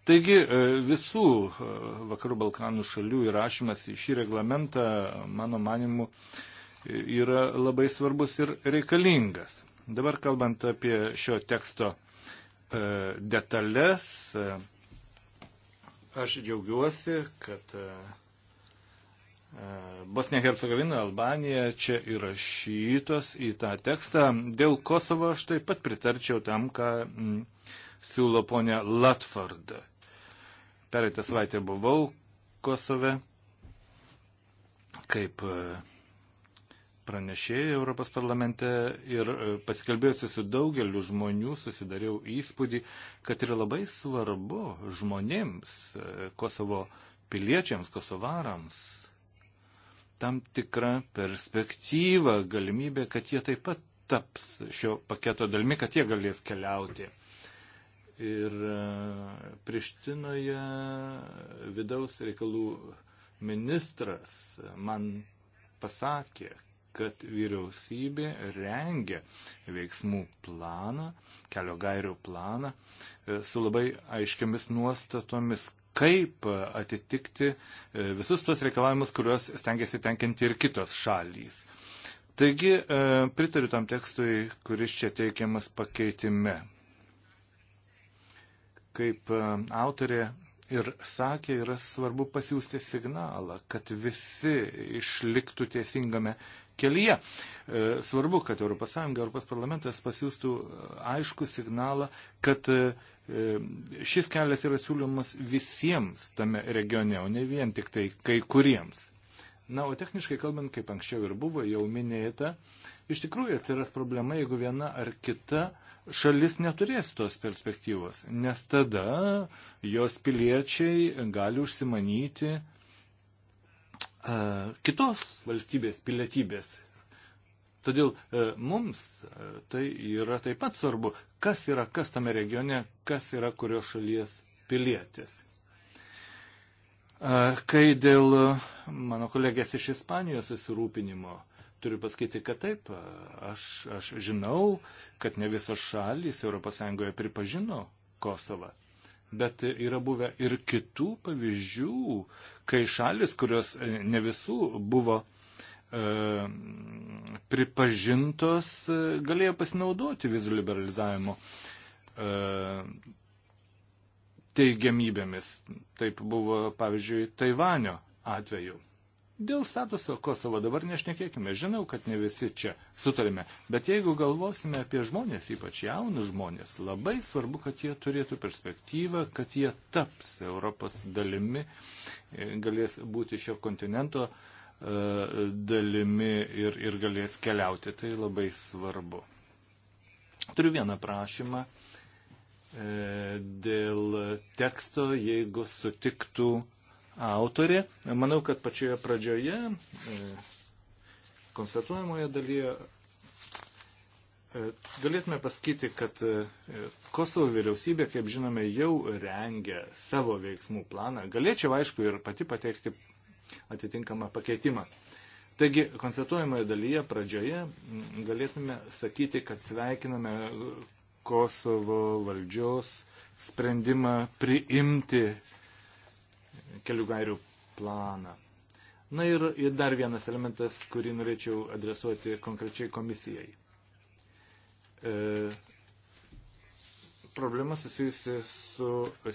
Taigi e, visų e, Vakarų Balkanų šalių įrašymas į šį reglamentą, mano manimu, yra labai svarbus ir reikalingas. Dabar kalbant apie šio teksto e, detalės, aš džiaugiuosi, kad Bosnija Hercegovina, Albanija čia įrašytos į tą tekstą. Dėl Kosovo aš taip pat pritarčiau tam, ką m, mm, siūlo ponia Latford. Pereitą savaitę buvau Kosove kaip e, pranešėjai Europos parlamente ir e, paskelbėjusi su daugeliu žmonių susidariau įspūdį, kad yra labai svarbu žmonėms, e, Kosovo piliečiams, kosovarams tam tikrą perspektyvą, galimybę, kad jie taip pat taps šio paketo dalimi, kad jie galės keliauti. Ir e, Prištinoje vidaus reikalų ministras man pasakė, kad vyriausybė rengia veiksmų planą, kelio gairių planą e, su labai aiškiamis nuostatomis, kaip atitikti e, visus tuos reikalavimus, kuriuos stengiasi tenkinti ir kitos šalys. Taigi e, pritariu tam tekstui, kuris čia teikiamas pakeitime. Kaip e, autorė ir sakė, yra svarbu pasiūsti signalą, kad visi išliktų teisingame kelyje. Svarbu, kad ES, ES parlamentas pasiūstų aišku signalą, kad E, šis kelias yra siūlymas visiems tame regione, o ne vien tik tai kai kuriems. Na, o techniškai kalbant, kaip anksčiau ir buvo jau minėta, iš tikrųjų atsiras problema, jeigu viena ar kita šalis neturės tos perspektyvos, nes tada jos piliečiai gali užsimanyti uh, kitos valstybės pilietybės Todėl e, mums e, tai yra taip pat svarbu, kas yra kas tame regione, kas yra kurios šalies pilietis. E, kai dėl mano kolegės iš Ispanijos susirūpinimo, turiu pasakyti, kad taip, aš, aš žinau, kad ne visos šalys ES pripažino Kosovą. Bet yra buvę ir kitų pavyzdžių, kai šalis, kurios ne visų buvo E, pripažintos, e, galėjo pasinaudoti vizų liberalizavimo e, teigiamybėmis. Taip buvo, pavyzdžiui, Taivanio atveju. Dėl statuso Kosovo dabar nešnekėkime. Žinau, kad ne visi čia sutarime. Bet jeigu galvosime apie žmonės, ypač jaunus žmonės, labai svarbu, kad jie turėtų perspektyvą, kad jie taps Europos dalimi, galės būti šio kontinento uh, dalimi ir, ir galės keliauti. Tai labai svarbu. Turiu vieną prašymą e, dėl teksto, jeigu sutiktų autorė. Manau, kad pačioje pradžioje, e, konstatuojamoje dalyje, e, galėtume pasakyti, kad Kosovo vyriausybė, kaip žinome, jau rengia savo veiksmų planą. Galėčiau, aišku, ir pati pateikti atitinkamą pakeitimą. Taigi, konstatuojamoje dalyje pradžioje galėtume sakyti, kad sveikiname Kosovo valdžios sprendimą priimti kelių gairių planą. Na ir, ir dar vienas elementas, kurį norėčiau adresuoti konkrečiai komisijai. E, problema susijusi su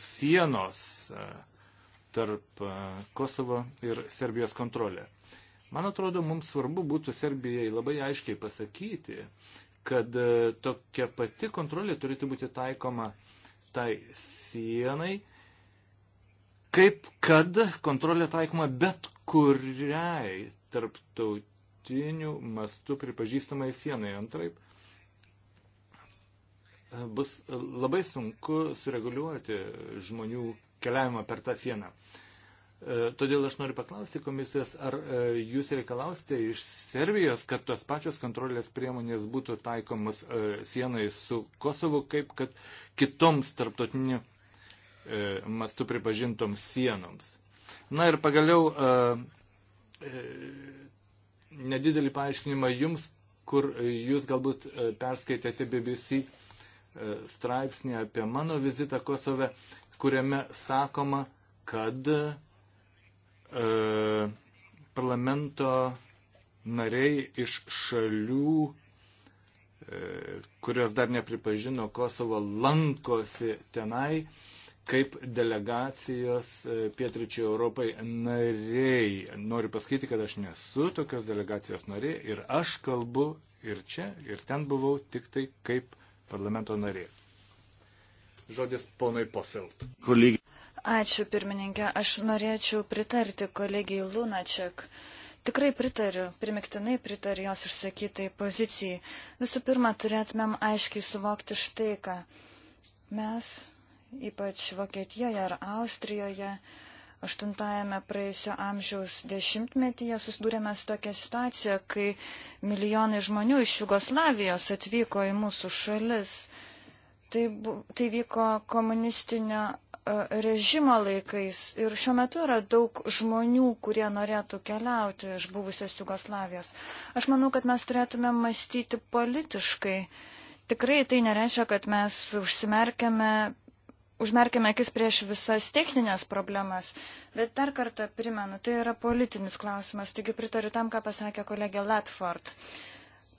sienos e, tarp e, Kosovo ir Serbijos kontrolė. Man atrodo, mums svarbu būtų Serbijai labai aiškiai pasakyti, kad e, tokia pati kontrolė turėtų būti taikoma tai sienai, kaip kad kontrolė taikoma bet kuriai tarptautinių mastų pripažįstamai sienai. Antraip, e, bus labai sunku sureguliuoti žmonių keliavimą per tą sieną. E, todėl aš noriu paklausti komisijos, ar e, jūs reikalausite iš Serbijos, kad tos pačios kontrolės priemonės būtų taikomas e, sienai su Kosovu, kaip kad kitoms tarptautiniu mastu pripažintoms sienoms. Na ir pagaliau nedidelį paaiškinimą jums, kur jūs galbūt perskaitėte BBC straipsnį apie mano vizitą Kosove. E, kuriame sakoma, kad e, parlamento nariai iš šalių, e, kurios dar nepripažino Kosovo, lankosi tenai kaip delegacijos e, pietričių Europai nariai. Noriu pasakyti, kad aš nesu tokios delegacijos narė ir aš kalbu ir čia, ir ten buvau tik tai kaip parlamento narė. Žodis ponui Poselt. Kolegi. Ačiū pirmininkė. Aš norėčiau pritarti kolegijai Lunačiak. Tikrai pritariu, primiktinai pritariu jos išsakytai pozicijai. Visų pirma, turėtumėm aiškiai suvokti štai ką. Mes, ypač Vokietijoje ar Austrijoje, 8-ame praėjusio amžiaus dešimtmetyje susidūrėme su tokia situacija, kai milijonai žmonių iš Jugoslavijos atvyko į mūsų šalis. Tai, bu, tai vyko komunistinio e, režimo laikais ir šiuo metu yra daug žmonių, kurie norėtų keliauti iš buvusios Jugoslavijos. Aš manau, kad mes turėtume mąstyti politiškai. Tikrai tai nereiškia, kad mes užsimerkėme, užmerkėme akis prieš visas techninės problemas, bet dar kartą primenu, tai yra politinis klausimas, taigi pritariu tam, ką pasakė kolegė Latford.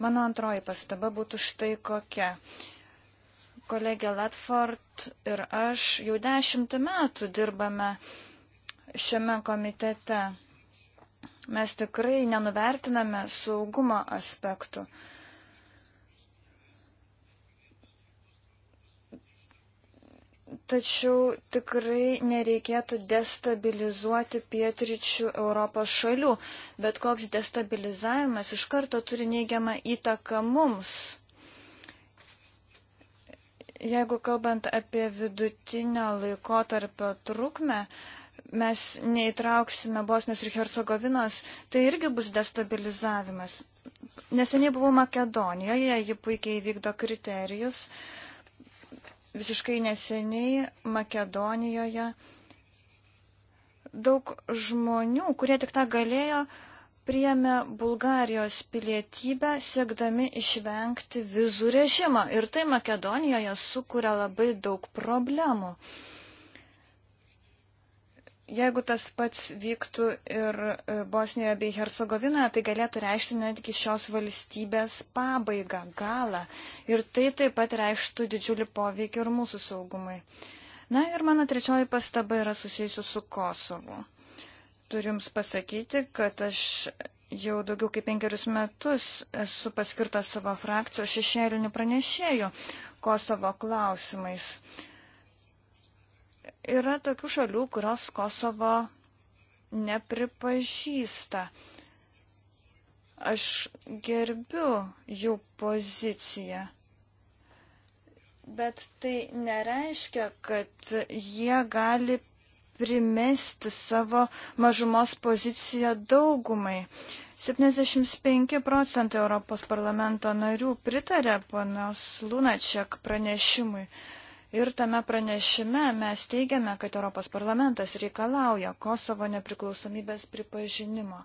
Mano antroji pastaba būtų štai kokia. Uh, kolegė Latford ir aš jau dešimtį metų dirbame šiame komitete. Mes tikrai nenuvertiname saugumo aspektų. Tačiau tikrai nereikėtų destabilizuoti pietryčių Europos šalių, bet koks destabilizavimas iš karto turi neigiamą įtaką mums Jeigu kalbant apie vidutinio laiko tarpio trukmę, mes neįtrauksime Bosnijos ir Hercegovinos, tai irgi bus destabilizavimas. Neseniai buvau Makedonijoje, ji puikiai vykdo kriterijus. Visiškai neseniai Makedonijoje daug žmonių, kurie tik tą galėjo, uh, priemė Bulgarijos pilietybę, siekdami išvengti vizų režimo. Ir tai Makedonijoje sukuria labai daug problemų. Jeigu tas pats vyktų ir e, Bosnijoje bei Hercegovinoje, tai galėtų reikšti netgi šios valstybės pabaigą, galą. Ir tai taip pat reikštų didžiulį poveikį ir mūsų saugumui. Na ir mano trečioji pastaba yra susijusi su Kosovu. Turiu Jums pasakyti, kad aš jau daugiau kaip penkerius metus esu paskirta savo frakcijos šešėlinių pranešėjų Kosovo klausimais. Yra tokių šalių, kurios Kosovo nepripažįsta. Aš gerbiu jų poziciją. Bet tai nereiškia, kad jie gali primesti savo mažumos poziciją daugumai. 75 procentai Europos parlamento narių pritarė ponios Lunačiak pranešimui. Ir tame pranešime mes teigiame, kad Europos parlamentas reikalauja Kosovo nepriklausomybės pripažinimo.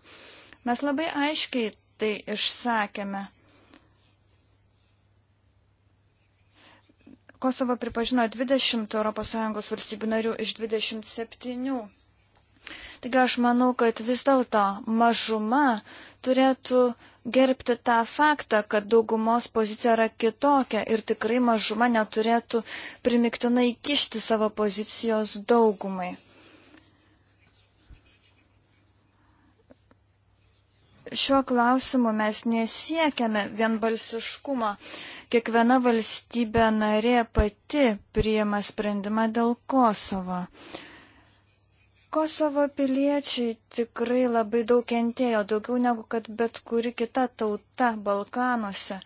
Mes labai aiškiai tai išsakėme. Kosovo pripažino 20 ES valstybių narių iš 27. Taigi aš manau, kad vis dėlto mažuma turėtų gerbti tą faktą, kad daugumos pozicija yra kitokia ir tikrai mažuma neturėtų primiktinai kišti savo pozicijos daugumai. šiuo klausimu mes nesiekiame vienbalsiškumo. Kiekviena valstybė narė pati priima sprendimą dėl Kosovo. Kosovo piliečiai tikrai labai daug kentėjo, daugiau negu kad bet kuri kita tauta Balkanuose.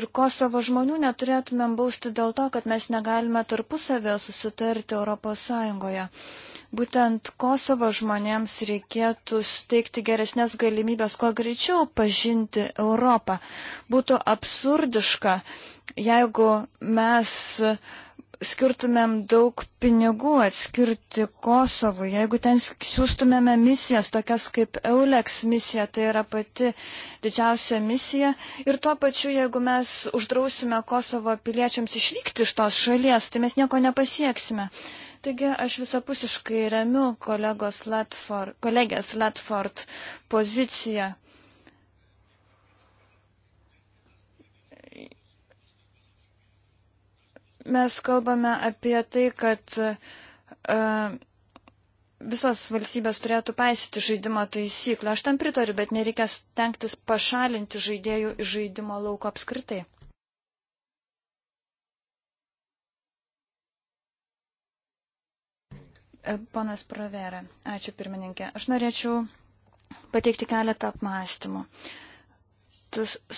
Ir Kosovo žmonių neturėtumėm bausti dėl to, kad mes negalime tarpusavėje susitarti Europos Sąjungoje. Būtent Kosovo žmonėms reikėtų suteikti geresnės galimybės kuo greičiau pažinti Europą. Būtų absurdiška, jeigu mes uh, skirtumėm daug pinigų atskirti Kosovui, jeigu ten siūstumėme misijas, tokias kaip Eulex misija, tai yra pati didžiausia misija, ir tuo pačiu, jeigu mes uždrausime Kosovo piliečiams išvykti iš tos šalies, tai mes nieko nepasieksime. Taigi aš visapusiškai remiu kolegos Latford, kolegės Latford poziciją. Mes kalbame apie tai, kad uh, visos valstybės turėtų paisyti žaidimo taisyklių. Aš tam pritariu, bet nereikia tenktis pašalinti žaidėjų iš žaidimo lauko apskritai. E, ponas Pravera, ačiū pirmininkė. Aš norėčiau pateikti keletą apmąstymų. Uh,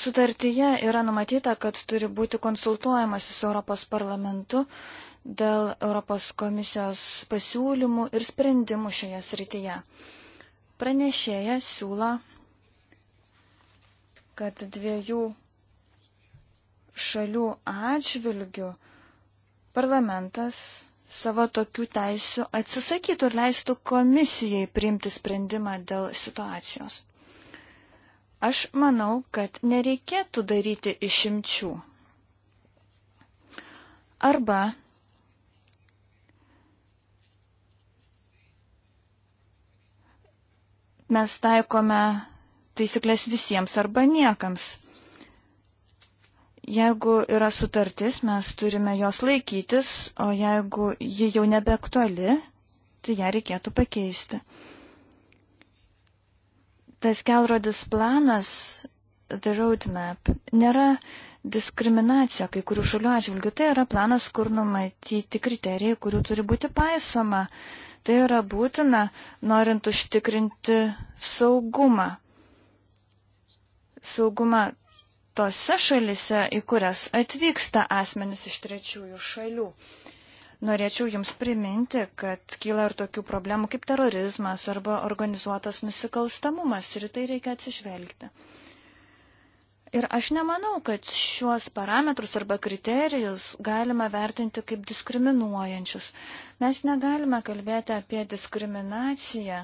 sutartyje yra numatyta, kad turi būti konsultuojamas su Europos parlamentu dėl Europos komisijos pasiūlymų ir sprendimų šioje srityje. Pranešėja siūla, kad dviejų šalių atžvilgių parlamentas savo tokių teisių atsisakytų ir leistų komisijai priimti sprendimą dėl situacijos. Aš manau, kad nereikėtų daryti išimčių. Arba mes taikome taisyklės visiems arba niekams. Jeigu yra sutartis, mes turime jos laikytis, o jeigu ji jau nebeaktuali, tai ją reikėtų pakeisti tas kelrodis planas, the roadmap, nėra diskriminacija kai kurių šalių atžvilgių. Tai yra planas, kur numatyti kriterijai, kurių turi būti paisoma. Tai yra būtina, norint užtikrinti saugumą. Saugumą tose šalise, į kurias atvyksta asmenis iš trečiųjų šalių. Norėčiau Jums priminti, kad kyla ir tokių problemų kaip terorizmas arba organizuotas nusikalstamumas ir tai reikia atsižvelgti. Ir aš nemanau, kad šiuos parametrus arba kriterijus galima vertinti kaip diskriminuojančius. Mes negalime kalbėti apie diskriminaciją,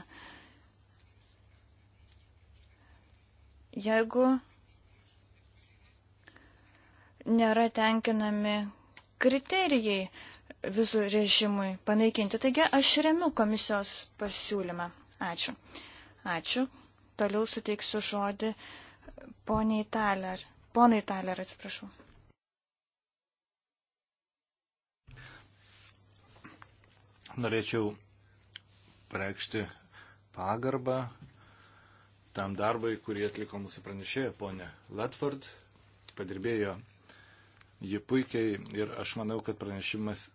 jeigu nėra tenkinami kriterijai vizų režimui panaikinti. Taigi aš remiu komisijos pasiūlymą. Ačiū. Ačiū. Toliau suteiksiu žodį poniai Taler. Ponai Taler, atsiprašau. Norėčiau pareikšti pagarbą tam darbai, kurį atliko mūsų pranešėja ponė Latford. Padirbėjo ji puikiai ir aš manau, kad pranešimas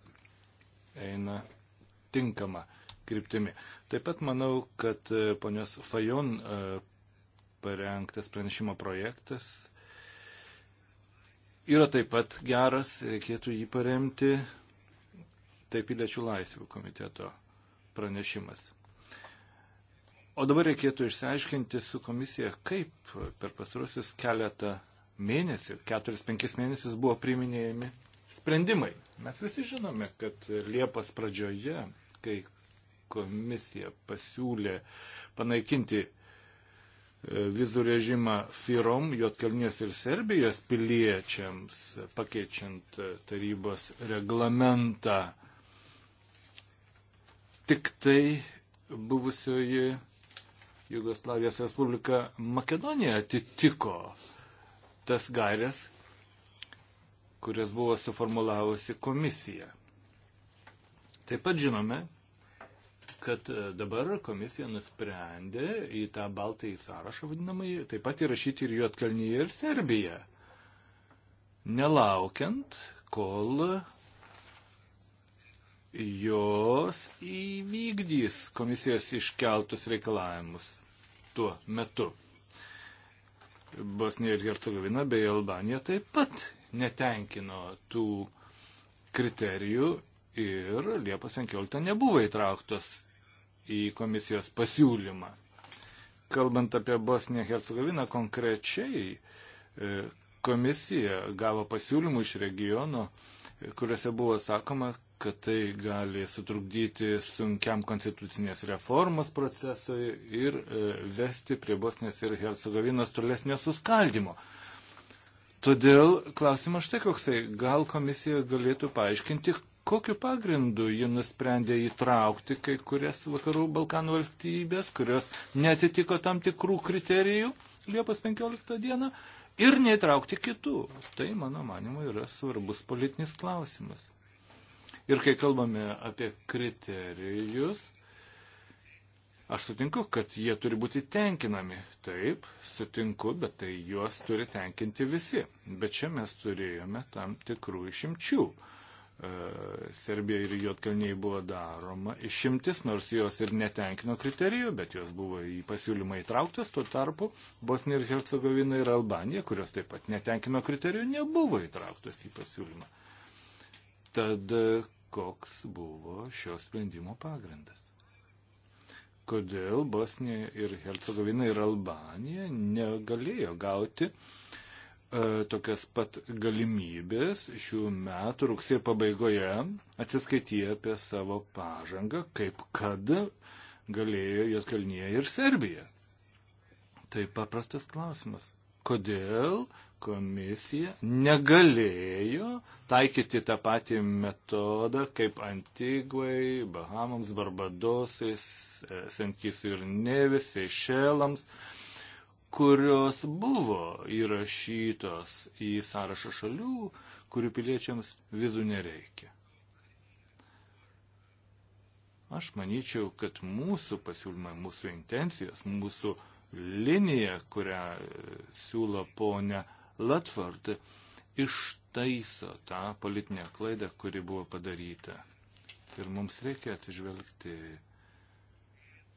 eina tinkama kryptimi. Taip pat manau, kad e, ponios Fajon e, parengtas pranešimo projektas yra taip pat geras, reikėtų jį paremti. Tai piliečių laisvių komiteto pranešimas. O dabar reikėtų išsiaiškinti su komisija, kaip per pastarosius keletą mėnesių, 4-5 mėnesius buvo priminėjami sprendimai. Mes visi žinome, kad Liepos pradžioje, kai komisija pasiūlė panaikinti e, vizų režimą Firom, Jotkalnės ir Serbijos piliečiams, pakeičiant e, tarybos reglamentą. Tik tai buvusioji Jugoslavijos Respublika Makedonija atitiko tas gairias, kurias buvo suformulavusi komisija. Taip pat žinome, kad e, dabar komisija nusprendė į tą baltąjį sąrašą vadinamąjį taip pat įrašyti ir Juotkalnyje ir Serbiją. Nelaukiant, kol jos įvykdys komisijos iškeltus reikalavimus tuo metu. Bosnija ir Hercegovina bei Albanija taip pat netenkino tų kriterijų ir Liepos 15 nebuvo įtrauktos į komisijos pasiūlymą. Kalbant apie Bosniją Hercegoviną konkrečiai, e, komisija gavo pasiūlymų iš regiono, e, kuriuose buvo sakoma, kad tai gali sutrukdyti sunkiam konstitucinės reformos procesui ir e, vesti prie Bosnės ir Hercegovinos tolesnio suskaldimo. Todėl klausimas štai koksai, gal komisija galėtų paaiškinti, kokiu pagrindu ji nusprendė įtraukti kai kurias vakarų Balkanų valstybės, kurios netitiko tam tikrų kriterijų Liepos 15 dieną ir neįtraukti kitų. Tai, mano manimo, yra svarbus politinis klausimas. Ir kai kalbame apie kriterijus, Aš sutinku, kad jie turi būti tenkinami. Taip, sutinku, bet tai juos turi tenkinti visi. Bet čia mes turėjome tam tikrų išimčių. E, Serbija ir Jotkalniai buvo daroma išimtis, nors jos ir netenkino kriterijų, bet jos buvo į pasiūlymą įtrauktas. Tuo tarpu Bosnija ir Hercegovina ir Albanija, kurios taip pat netenkino kriterijų, nebuvo įtrauktas į pasiūlymą. Tad e, koks buvo šio sprendimo pagrindas? kodėl Bosnija ir Hercegovina ir Albanija negalėjo gauti e, tokias pat galimybės šių metų rugsėjo pabaigoje atsiskaityti apie savo pažangą, kaip kad galėjo Jotkalnyje ir Serbija. Tai paprastas klausimas. Kodėl uh, komisija negalėjo taikyti tą patį metodą kaip Antigvai, Bahamams, Barbadosai, Senkisui ir Nevis, Seišelams, kurios buvo įrašytos į sąrašą šalių, kurių piliečiams vizų nereikia. Aš manyčiau, kad mūsų pasiūlymai, mūsų intencijos, mūsų linija, kurią siūlo ponia Latford ištaiso tą politinę klaidą, kuri buvo padaryta. Ir mums reikia atsižvelgti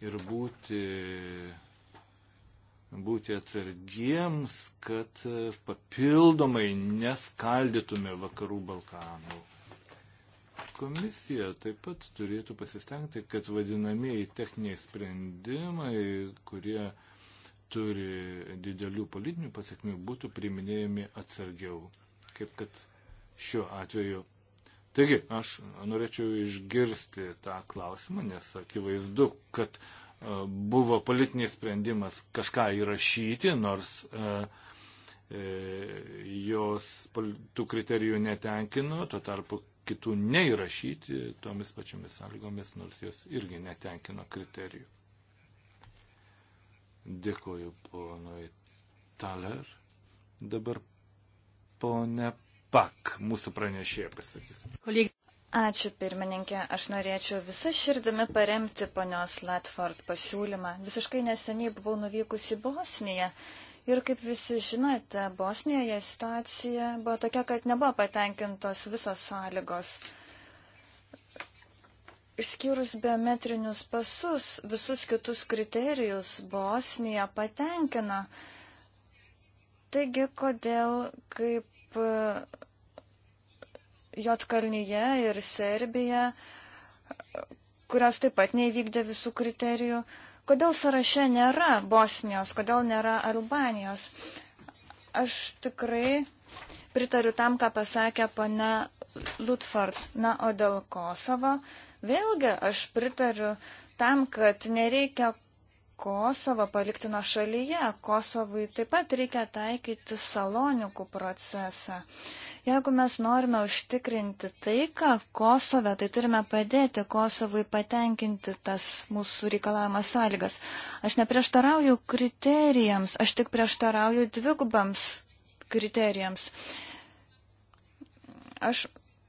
ir būti, būti atsargiems, kad papildomai neskaldytume vakarų Balkanų. Komisija taip pat turėtų pasistengti, kad vadinamieji techniniai sprendimai, kurie uh, turi didelių politinių pasiekmių, būtų priminėjami atsargiau, kaip kad šiuo atveju. Taigi, aš norėčiau išgirsti tą klausimą, nes akivaizdu, kad e, buvo politinis sprendimas kažką įrašyti, nors e, e, jos tų kriterijų netenkino, tuo tarpu kitų neįrašyti tomis pačiomis sąlygomis, nors jos irgi netenkino kriterijų. Dėkuoju ponui Taler. Dabar ponė Pak, mūsų pranešėja pasakys. Ačiū pirmininkė, aš norėčiau visą širdimi paremti ponios Latford pasiūlymą. Visiškai neseniai buvau nuvykusi į Bosniją ir kaip visi žinote, Bosnijoje situacija buvo tokia, kad nebuvo patenkintos visos sąlygos. Išskyrus biometrinius pasus, visus kitus kriterijus Bosnija patenkina. Taigi, kodėl kaip e, Jotkalnyje ir Serbija, kurios taip pat neįvykdė visų kriterijų, kodėl sąraše nėra Bosnijos, kodėl nėra Albanijos. Aš tikrai pritariu tam, ką pasakė pane Lutford. Na, o dėl Kosovo, Vėlgi aš pritariu tam, kad nereikia Kosovą palikti nuo šalyje. Kosovui taip pat reikia taikyti salonikų procesą. Jeigu mes norime užtikrinti taiką Kosove, tai turime padėti Kosovui patenkinti tas mūsų reikalavimas sąlygas. Aš neprieštarauju kriterijams, aš tik prieštarauju dvigubams kriterijams. Aš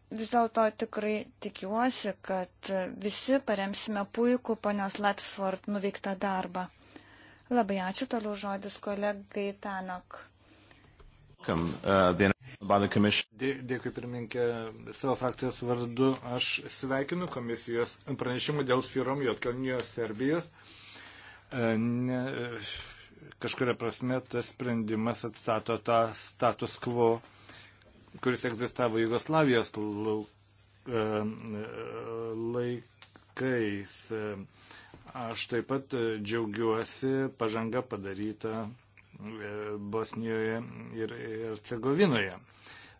vis dėlto tikrai tikiuosi, kad visi paremsime puikų ponios Latford nuveiktą darbą. Labai ačiū toliau žodis kolegai Tanok. Uh, dėkui pirmininkė, savo frakcijos vardu aš sveikinu komisijos pranešimą dėl Firom Jotkalnijos Serbijos. E, ne, e, kažkuria prasme tas sprendimas atstato tą status quo kuris egzistavo Jugoslavijos e, laikais. Aš taip pat džiaugiuosi pažanga padaryta e, Bosnijoje ir Hercegovinoje.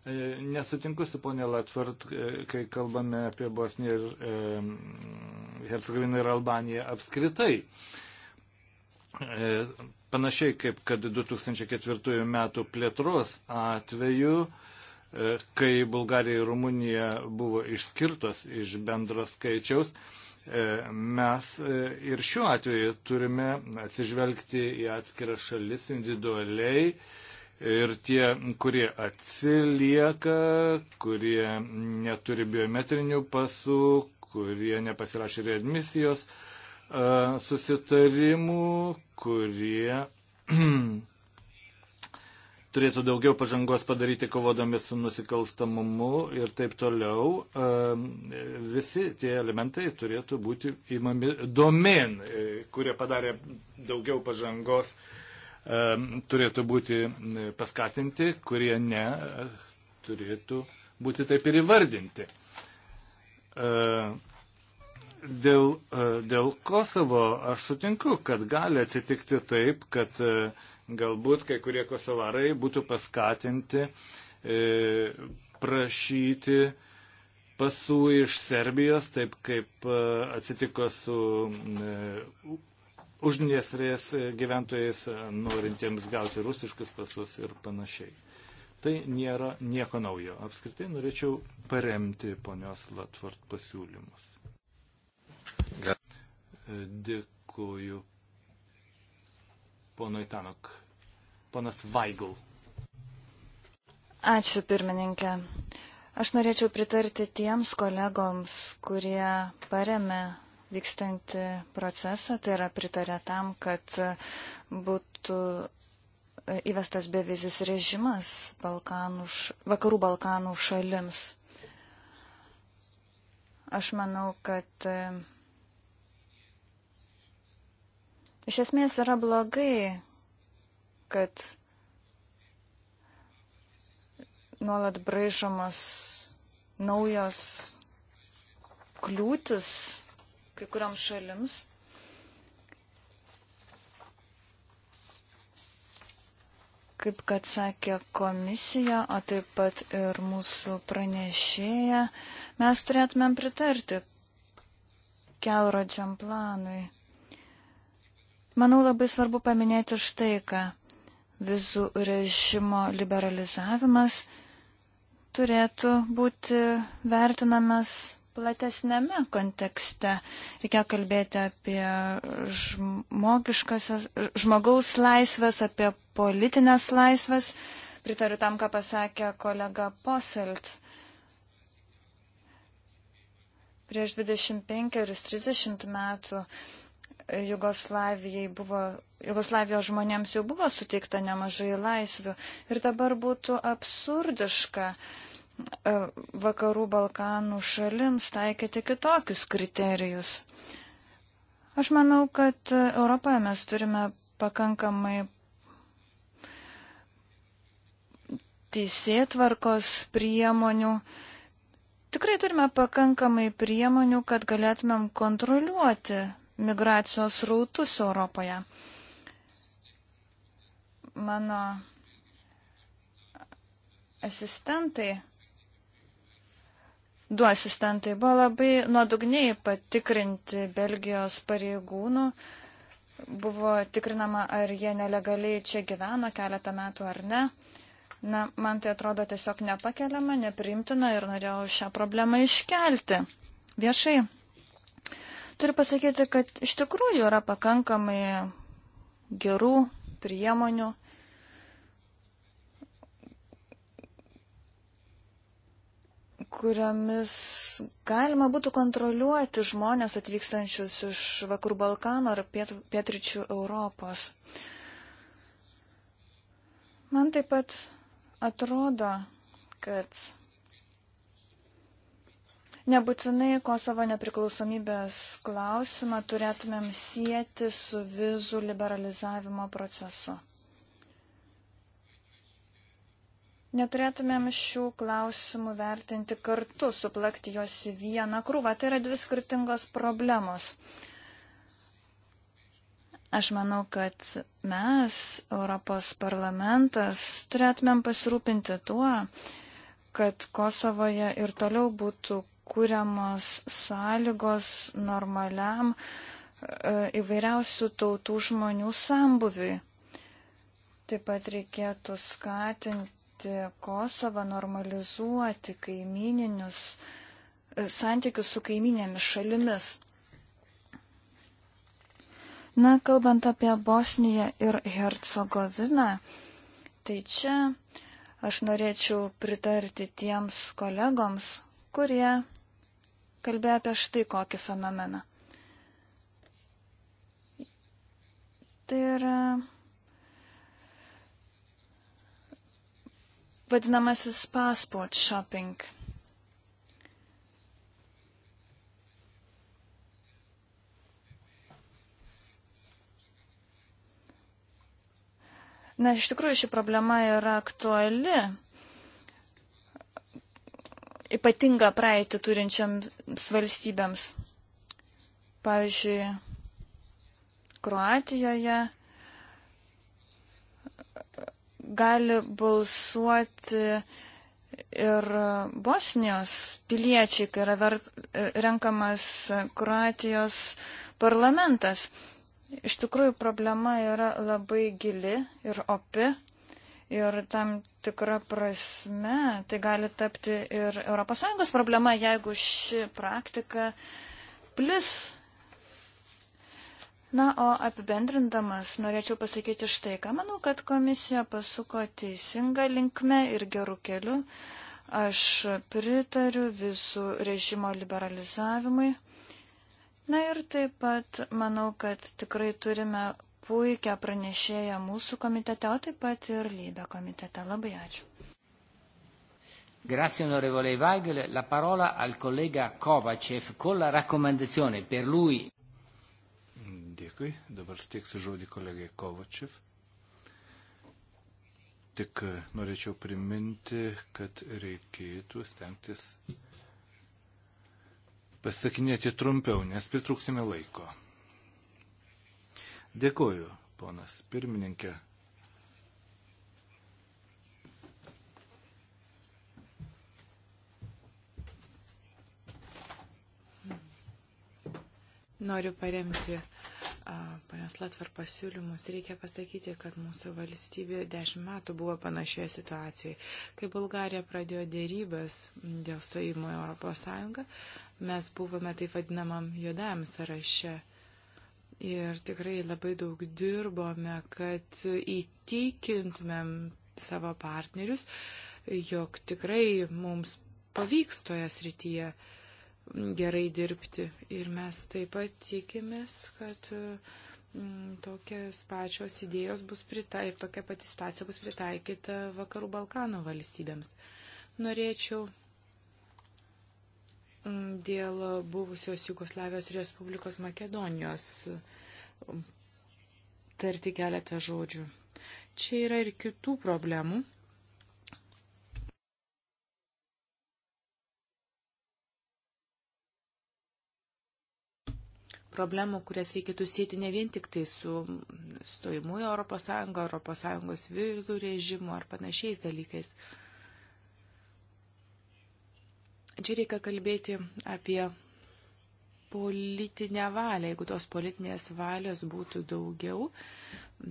E, nesutinku su ponė Latvart, kai kalbame apie Bosniją ir Hercegoviną ir Albaniją apskritai. Panašiai kaip kad 2004 metų plėtros atveju E, kai Bulgarija ir Rumunija buvo išskirtos iš bendros skaičiaus, e, mes e, ir šiuo atveju turime atsižvelgti į atskirą šalis individualiai ir tie, kurie atsilieka, kurie neturi biometrinių pasų, kurie nepasirašė readmisijos susitarimų, kurie turėtų daugiau pažangos padaryti kovodami su nusikalstamumu ir taip toliau. Visi tie elementai turėtų būti įmami domen, e, kurie padarė daugiau pažangos, turėtų būti e, paskatinti, kurie ne, e, turėtų būti taip ir įvardinti. Dėl, dėl Kosovo aš sutinku, kad gali atsitikti taip, kad uh, Galbūt kai kurie kosovarai būtų paskatinti e, prašyti pasų iš Serbijos, taip kaip e, atsitiko su e, uždniestrės gyventojais, norintiems gauti rusiškus pasus ir panašiai. Tai nėra nieko naujo. Apskritai norėčiau paremti ponios Latvart pasiūlymus. Dėkuoju. Ponai Tanok. Ponas Vaigl. Ačiū, pirmininkė. Aš norėčiau pritarti tiems kolegoms, kurie paremė vykstantį procesą, tai yra pritarė tam, kad būtų įvestas bevizis režimas Balkanų, vakarų Balkanų šalims. Aš manau, kad e, iš esmės yra blogai, kad nuolat braižomas naujos kliūtis kai kurioms šalims. Kaip kad sakė komisija, o taip pat ir mūsų pranešėja, mes turėtumėm pritarti kelrodžiam planui. Manau labai svarbu paminėti štai ką vizų režimo liberalizavimas turėtų būti vertinamas platesnėme kontekste. Reikia kalbėti apie žmogaus laisvės, apie politinės laisvės. Pritariu tam, ką pasakė kolega Poselt. Prieš 25-30 metų Jugoslavijai buvo, Jugoslavijos žmonėms jau buvo suteikta nemažai laisvių ir dabar būtų absurdiška e, vakarų Balkanų šalims taikyti kitokius kriterijus. Aš manau, kad Europoje mes turime pakankamai teisėtvarkos priemonių. Tikrai turime pakankamai priemonių, kad galėtumėm kontroliuoti migracijos rautus Europoje. Mano asistentai, du asistentai buvo labai nuodugniai patikrinti Belgijos pareigūnų. Buvo tikrinama, ar jie nelegaliai čia gyveno keletą metų ar ne. Na, man tai atrodo tiesiog nepakeliama, nepriimtina ir norėjau šią problemą iškelti viešai. Turiu pasakyti, kad iš tikrųjų yra pakankamai gerų priemonių. kuriomis galima būtų kontroliuoti žmonės atvykstančius iš Vakarų Balkano ar piet, pietričių Europos. Man taip pat atrodo, kad Nebūtinai Kosovo nepriklausomybės klausimą turėtumėm sieti su vizų liberalizavimo procesu. Neturėtumėm šių klausimų vertinti kartu, suplakti juos į vieną krūvą. Tai yra dvi skirtingos problemos. Aš manau, kad mes, Europos parlamentas, turėtumėm pasirūpinti tuo, kad Kosovoje ir toliau būtų kūriamos sąlygos normaliam e, įvairiausių tautų žmonių sambuviui. Taip pat reikėtų skatinti Kosovą normalizuoti kaimininius e, santykius su kaiminėmis šalimis. Na, kalbant apie Bosniją ir Hercegoviną, tai čia aš norėčiau pritarti tiems kolegoms, kurie kalbėjo apie štai kokį fenomeną. Tai yra vadinamasis passport shopping. Na, iš tikrųjų, ši problema yra aktuali ypatingą praeitį turinčiams valstybėms. Pavyzdžiui, Kroatijoje gali balsuoti ir Bosnijos piliečiai, kai yra vert, renkamas Kroatijos parlamentas. Iš tikrųjų, problema yra labai gili ir opi. Ir tam tikra prasme tai gali tapti ir ES problema, jeigu ši praktika plis. Na, o apibendrindamas norėčiau pasakyti štai, ką manau, kad komisija pasuko teisinga linkme ir gerų kelių. Aš pritariu visų režimo liberalizavimui. Na ir taip pat manau, kad tikrai turime puikią pranešėją mūsų komitete, o taip pat ir lybę komitete. Labai ačiū. Grazie onorevole Weigel. La parola al collega Kovacev con la raccomandazione per lui. Dėkui. Dabar steiksiu žodį kolegai Kovacev. Tik norėčiau priminti, kad reikėtų stengtis pasakinėti trumpiau, nes pritruksime laiko. Dėkuoju, ponas pirmininkė. Noriu paremti Panas Latvar pasiūlymus reikia pasakyti, kad mūsų valstybė dešimt metų buvo panašioje situacijoje. Kai Bulgarija pradėjo dėrybas dėl stojimo į Europos Sąjungą, mes buvome taip vadinamam juodajam sąraše. Ir tikrai labai daug dirbome, kad įtikintumėm savo partnerius, jog tikrai mums pavyks toje srityje gerai dirbti. Ir mes taip pat tikimės, kad mm, tokios pačios idėjos bus pritaikyta ir tokia pati situacija bus pritaikyta Vakarų Balkanų valstybėms. Norėčiau Mm, dėl buvusios Jugoslavijos Respublikos Makedonijos mm, tarti keletą žodžių. Čia yra ir kitų problemų. problemų, kurias reikėtų sėti ne vien tik tai su stojimu į ES, ES vizų režimu ar panašiais dalykais. Uh, Čia reikia kalbėti apie politinę valią. Jeigu tos politinės valios būtų daugiau,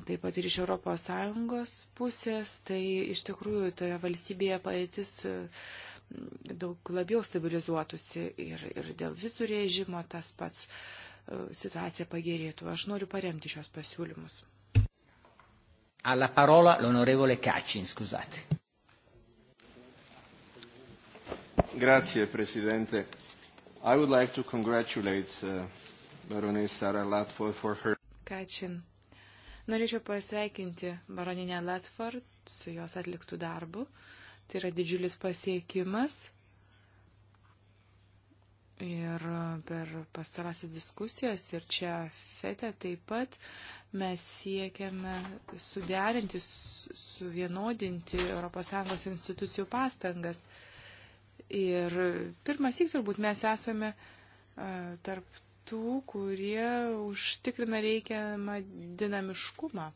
taip pat ir iš ES pusės, tai iš tikrųjų toje valstybėje paėtis mm, daug labiau stabilizuotųsi ir, ir dėl visų režimo tas pats e, situacija pagerėtų. Aš noriu paremti šios pasiūlymus. Alla parola l'onorevole Kacin, scusate. Grazie, Presidente. I would like to congratulate uh, Baroness Sarah Latford for her. Kačin. Norėčiau pasveikinti baroninę Latford su jos atliktų darbų. Tai yra didžiulis pasiekimas. Ir uh, per pastarasis diskusijas ir čia fete taip pat mes siekiame suderinti, suvienodinti ES institucijų pastangas. Ir pirmas įk turbūt mes esame tarp tų, kurie užtikrina reikiamą dinamiškumą.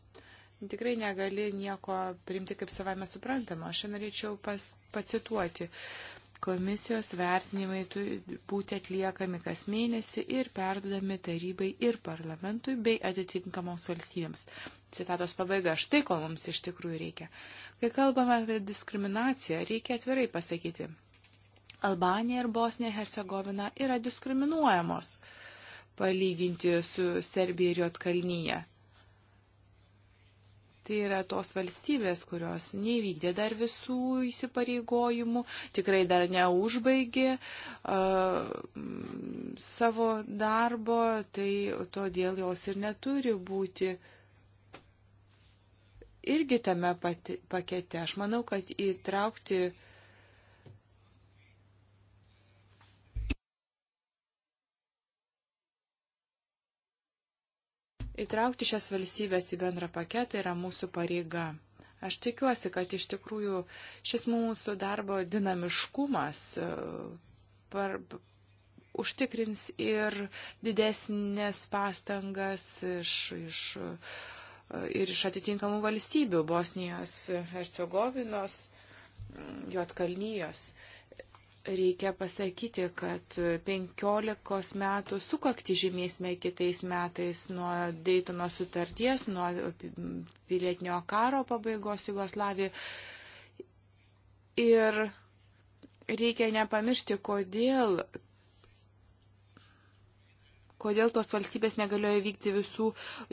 Tikrai negali nieko priimti kaip savame suprantama. Aš norėčiau pas, pacituoti. Komisijos vertinimai turi būti atliekami kas mėnesį ir perdodami tarybai ir parlamentui bei atitinkamoms valstybėms. Citatos pabaiga. Štai ko mums iš tikrųjų reikia. Kai kalbame apie diskriminaciją, reikia atvirai pasakyti. Albanija ir Bosnija Hercegovina yra diskriminuojamos palyginti su Serbija ir Jotkalnyje. Tai yra tos valstybės, kurios nevykdė dar visų įsipareigojimų, tikrai dar neužbaigė uh, savo darbo, tai todėl jos ir neturi būti irgi tame pati, pakete. Aš manau, kad įtraukti Įtraukti šias valstybės į bendrą paketą yra mūsų pareiga. Aš tikiuosi, kad iš tikrųjų šis mūsų darbo dinamiškumas e, par, užtikrins ir didesnės pastangas iš, iš, e, ir iš atitinkamų valstybių - Bosnijos, Hercegovinos, Jotkalnyjos. Uh, Reikia pasakyti, kad 15 metų sukakti žymėsime kitais metais nuo Daytono sutarties, nuo pilietinio karo pabaigos Jugoslavijoje. Ir reikia nepamiršti, kodėl kodėl tos valstybės negalėjo vykti visų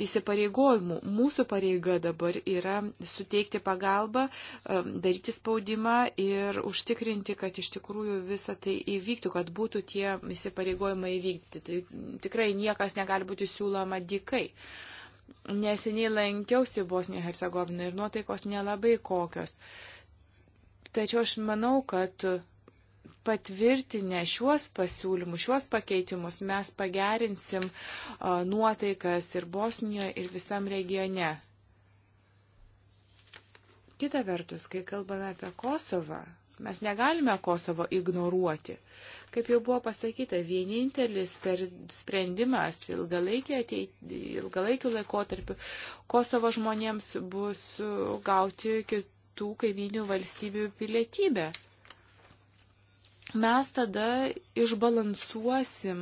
įsipareigojimų. Mūsų pareiga dabar yra suteikti pagalbą, daryti spaudimą ir užtikrinti, kad iš tikrųjų visa tai įvyktų, kad būtų tie įsipareigojimai įvykti. Tai tikrai niekas negali būti siūloma dikai. Neseniai lankiausi Bosnijoje Hercegovinoje ir nuotaikos nelabai kokios. Tačiau aš manau, kad patvirtinę šiuos pasiūlymus, šiuos pakeitimus, mes pagerinsim nuotaikas ir Bosnijoje, ir visam regione. Kita vertus, kai kalbame apie Kosovą, mes negalime Kosovo ignoruoti. Kaip jau buvo pasakyta, vienintelis sprendimas ilgalaikiu laikotarpiu Kosovo žmonėms bus gauti kitų kaiminių valstybių pilietybę mes tada išbalansuosim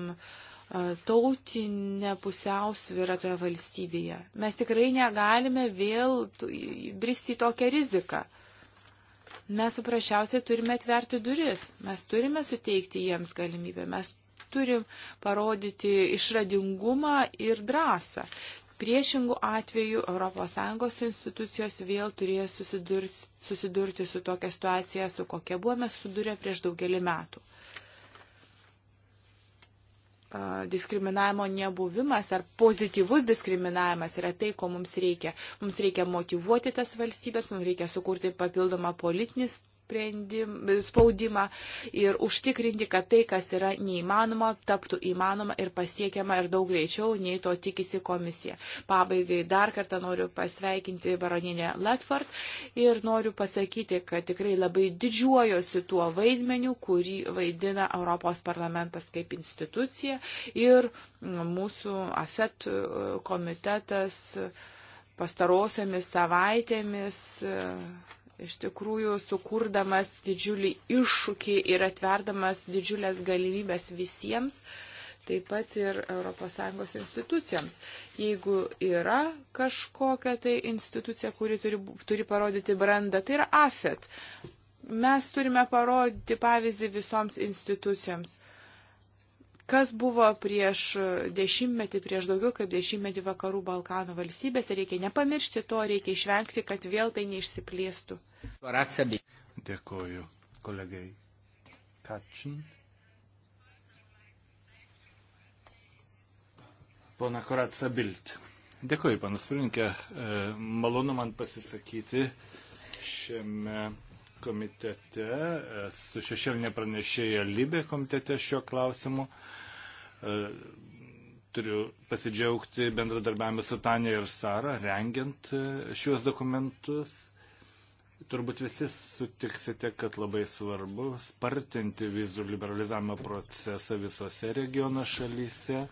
tautinę pusiausvyrą toje valstybėje. Mes tikrai negalime vėl bristi į tokią riziką mes paprasčiausiai turime atverti duris, mes turime suteikti jiems galimybę, mes turim parodyti išradingumą ir drąsą. Priešingų atvejų ES institucijos vėl turėjo susidurti, susidurti su tokia situacija, su kokia buvome sudurę prieš daugelį metų diskriminavimo nebuvimas ar pozityvus diskriminavimas yra tai, ko mums reikia. Mums reikia motivuoti tas valstybės, mums reikia sukurti papildomą politinį spaudimą ir užtikrinti, kad tai, kas yra neįmanoma, taptų įmanoma ir pasiekiama ir daug greičiau, nei to tikisi komisija. Pabaigai dar kartą noriu pasveikinti baroninę Latford ir noriu pasakyti, kad tikrai labai didžiuojosi tuo vaidmeniu, kurį vaidina Europos parlamentas kaip institucija ir mūsų AFET komitetas pastarosiomis savaitėmis iš tikrųjų sukurdamas didžiulį iššūkį ir atverdamas didžiulės galimybės visiems, taip pat ir ES institucijoms. Jeigu yra kažkokia tai institucija, kuri turi, turi parodyti brandą, tai yra AFET. Mes turime parodyti pavyzdį visoms institucijoms kas buvo prieš dešimtmetį, prieš daugiau kaip dešimtmetį vakarų Balkanų valstybėse. Reikia nepamiršti to, reikia išvengti, kad vėl tai neišsiplėstų. Dėkoju kolegai Kačin. Pona Koratsa Bilt. Dėkoju, panas Pirinkė. E, malonu man pasisakyti šiame komitete, su šešėlinė pranešėja Libė komitete šiuo klausimu. E, turiu pasidžiaugti bendradarbiavimu su Tanė ir Sara, rengiant e, šiuos dokumentus. Turbūt visi sutiksite, kad labai svarbu spartinti vizų liberalizavimo procesą visose regiono šalyse.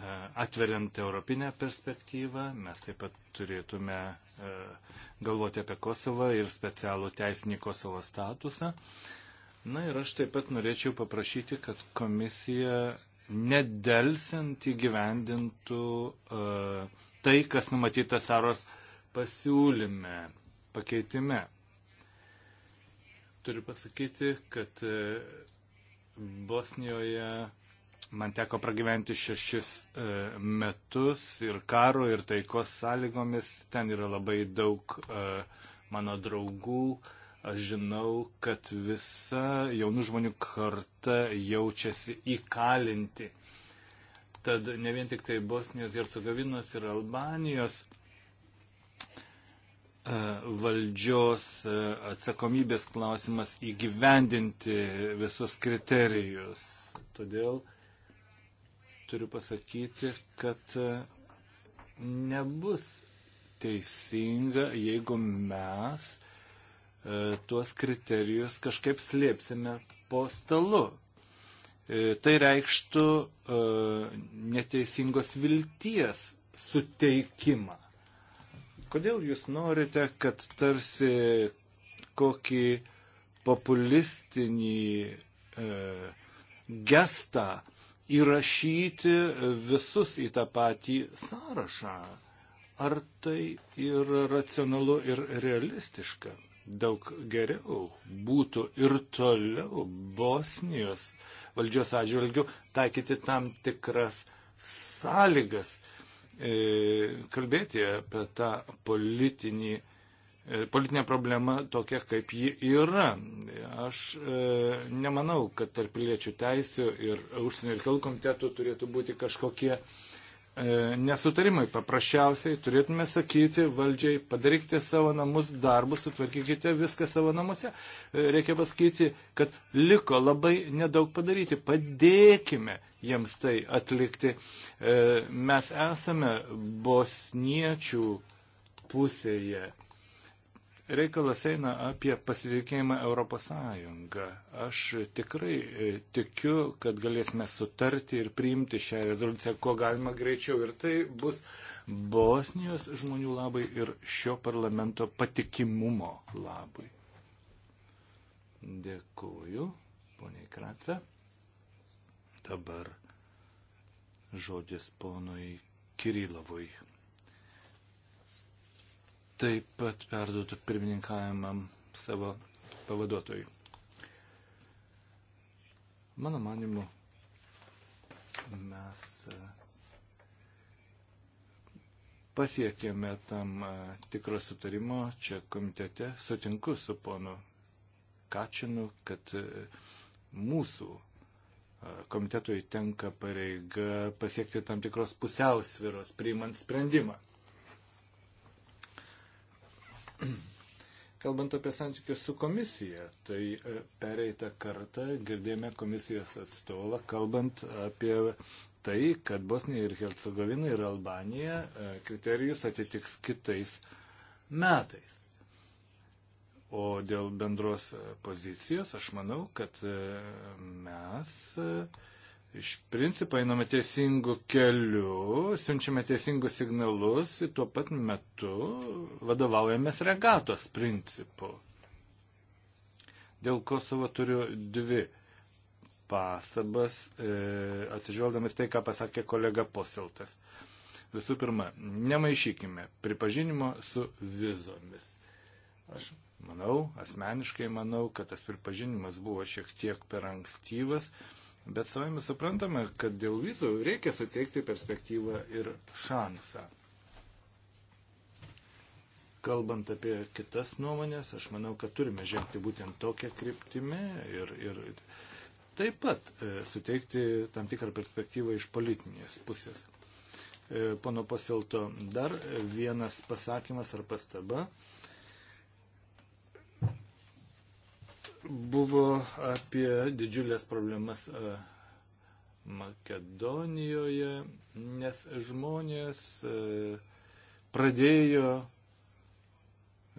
E, atveriant europinę perspektyvą, mes taip pat turėtume e, galvoti apie Kosovą ir specialų teisinį Kosovo statusą. Na ir aš taip pat norėčiau paprašyti, kad komisija nedelsiant įgyvendintų e, tai, kas numatyta Saros pasiūlyme, pakeitime. Turiu pasakyti, kad Bosnijoje Man teko pragyventi šešis e, metus ir karo, ir taikos sąlygomis. Ten yra labai daug e, mano draugų. Aš žinau, kad visa jaunų žmonių karta jaučiasi įkalinti. Tad ne vien tik tai Bosnijos, Hercegovinos ir Albanijos e, valdžios e, atsakomybės klausimas įgyvendinti visus kriterijus. Todėl turiu pasakyti, kad e, nebus teisinga, jeigu mes e, tuos kriterijus kažkaip slėpsime po stalu. E, tai reikštų neteisingos vilties suteikimą. Kodėl jūs norite, kad tarsi kokį populistinį e, gestą įrašyti visus į tą patį sąrašą. Ar tai yra racionalu ir realistiška? Daug geriau būtų ir toliau Bosnijos valdžios atžvilgių taikyti tam tikras sąlygas, e, kalbėti apie tą politinį E, politinė problema tokia, kaip ji yra. Aš e, nemanau, kad tarp piliečių teisų ir užsienio reikalų komitetų turėtų būti kažkokie e, nesutarimai. Paprasčiausiai turėtume sakyti valdžiai, padarykite savo namus darbus, sutvarkykite viską savo namuose. E, reikia pasakyti, kad liko labai nedaug padaryti. Padėkime jiems tai atlikti. E, mes esame bosniečių pusėje Reikalas eina apie pasitikėjimą Europos Sąjungą. Aš tikrai e, tikiu, kad galėsime sutarti ir priimti šią rezoliuciją, ko galima greičiau. Ir tai bus Bosnijos žmonių labai ir šio parlamento patikimumo labai. Dėkuoju, poniai Kratsa. Dabar žodis ponui Kirilovui taip pat perduotų pirmininkavimam savo pavaduotojui. Mano manimu, mes e, pasiekėme tam e, tikro sutarimo čia komitete. Sutinku su ponu Kačinu, kad e, mūsų komitetui tenka pareiga pasiekti tam tikros pusiausviros priimant sprendimą. Kalbant apie santykius su komisija, tai e, pereitą kartą girdėjome komisijos atstovą, kalbant apie tai, kad Bosnija ir Hercegovina ir Albanija e, kriterijus atitiks kitais metais. O dėl bendros e, pozicijos aš manau, kad mes iš principo einame teisingu keliu, siunčiame teisingus signalus ir tuo pat metu vadovaujamės regatos principu. Dėl Kosovo turiu dvi pastabas, e, atsižvelgdamas tai, ką pasakė kolega Posiltas. Visų pirma, nemaišykime pripažinimo su vizomis. Aš manau, asmeniškai manau, kad tas pripažinimas buvo šiek tiek per ankstyvas. E, Bet savame suprantame, kad dėl vizų reikia suteikti perspektyvą ir šansą. Kalbant apie kitas nuomonės, aš manau, kad turime žengti būtent tokią kryptimį ir, ir taip pat e, suteikti tam tikrą perspektyvą iš politinės pusės. E, pono Pasilto dar vienas pasakymas ar pastaba. E, buvo apie didžiulės problemas e, Makedonijoje, nes žmonės e, pradėjo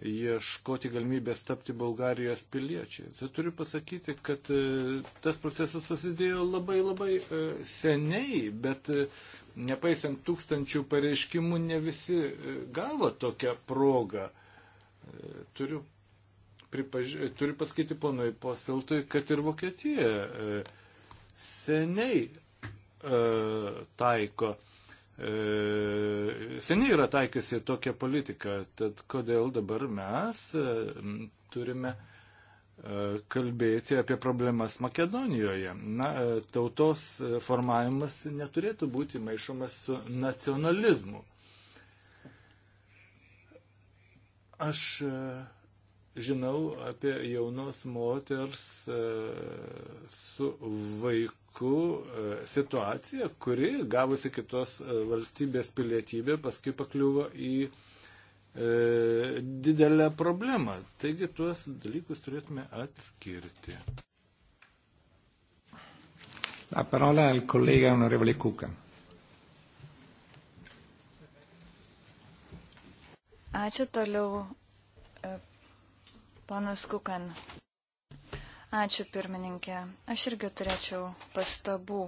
ieškoti galimybės tapti Bulgarijos piliečiais. Ir turiu pasakyti, kad e, tas procesas prasidėjo labai labai seniai, bet nepaisant tūkstančių pareiškimų, ne visi gavo tokią progą. Turiu pripaž... turiu pasakyti ponui Poseltui, kad ir Vokietija e, seniai e, taiko, e, seniai yra taikiusi tokią politiką, tad kodėl dabar mes e, turime e, kalbėti apie problemas Makedonijoje. Na, e, tautos formavimas neturėtų būti maišomas su nacionalizmu. Aš e, žinau apie jaunos moters e, su vaiku e, situaciją, kuri gavusi kitos e, valstybės pilietybę paskui pakliuvo į didelę problemą. Taigi tuos dalykus turėtume atskirti. La parola al collega onorevole Cuca. Ačiū toliau Ponas Kukan. Ačiū pirmininkė. Aš irgi turėčiau pastabų.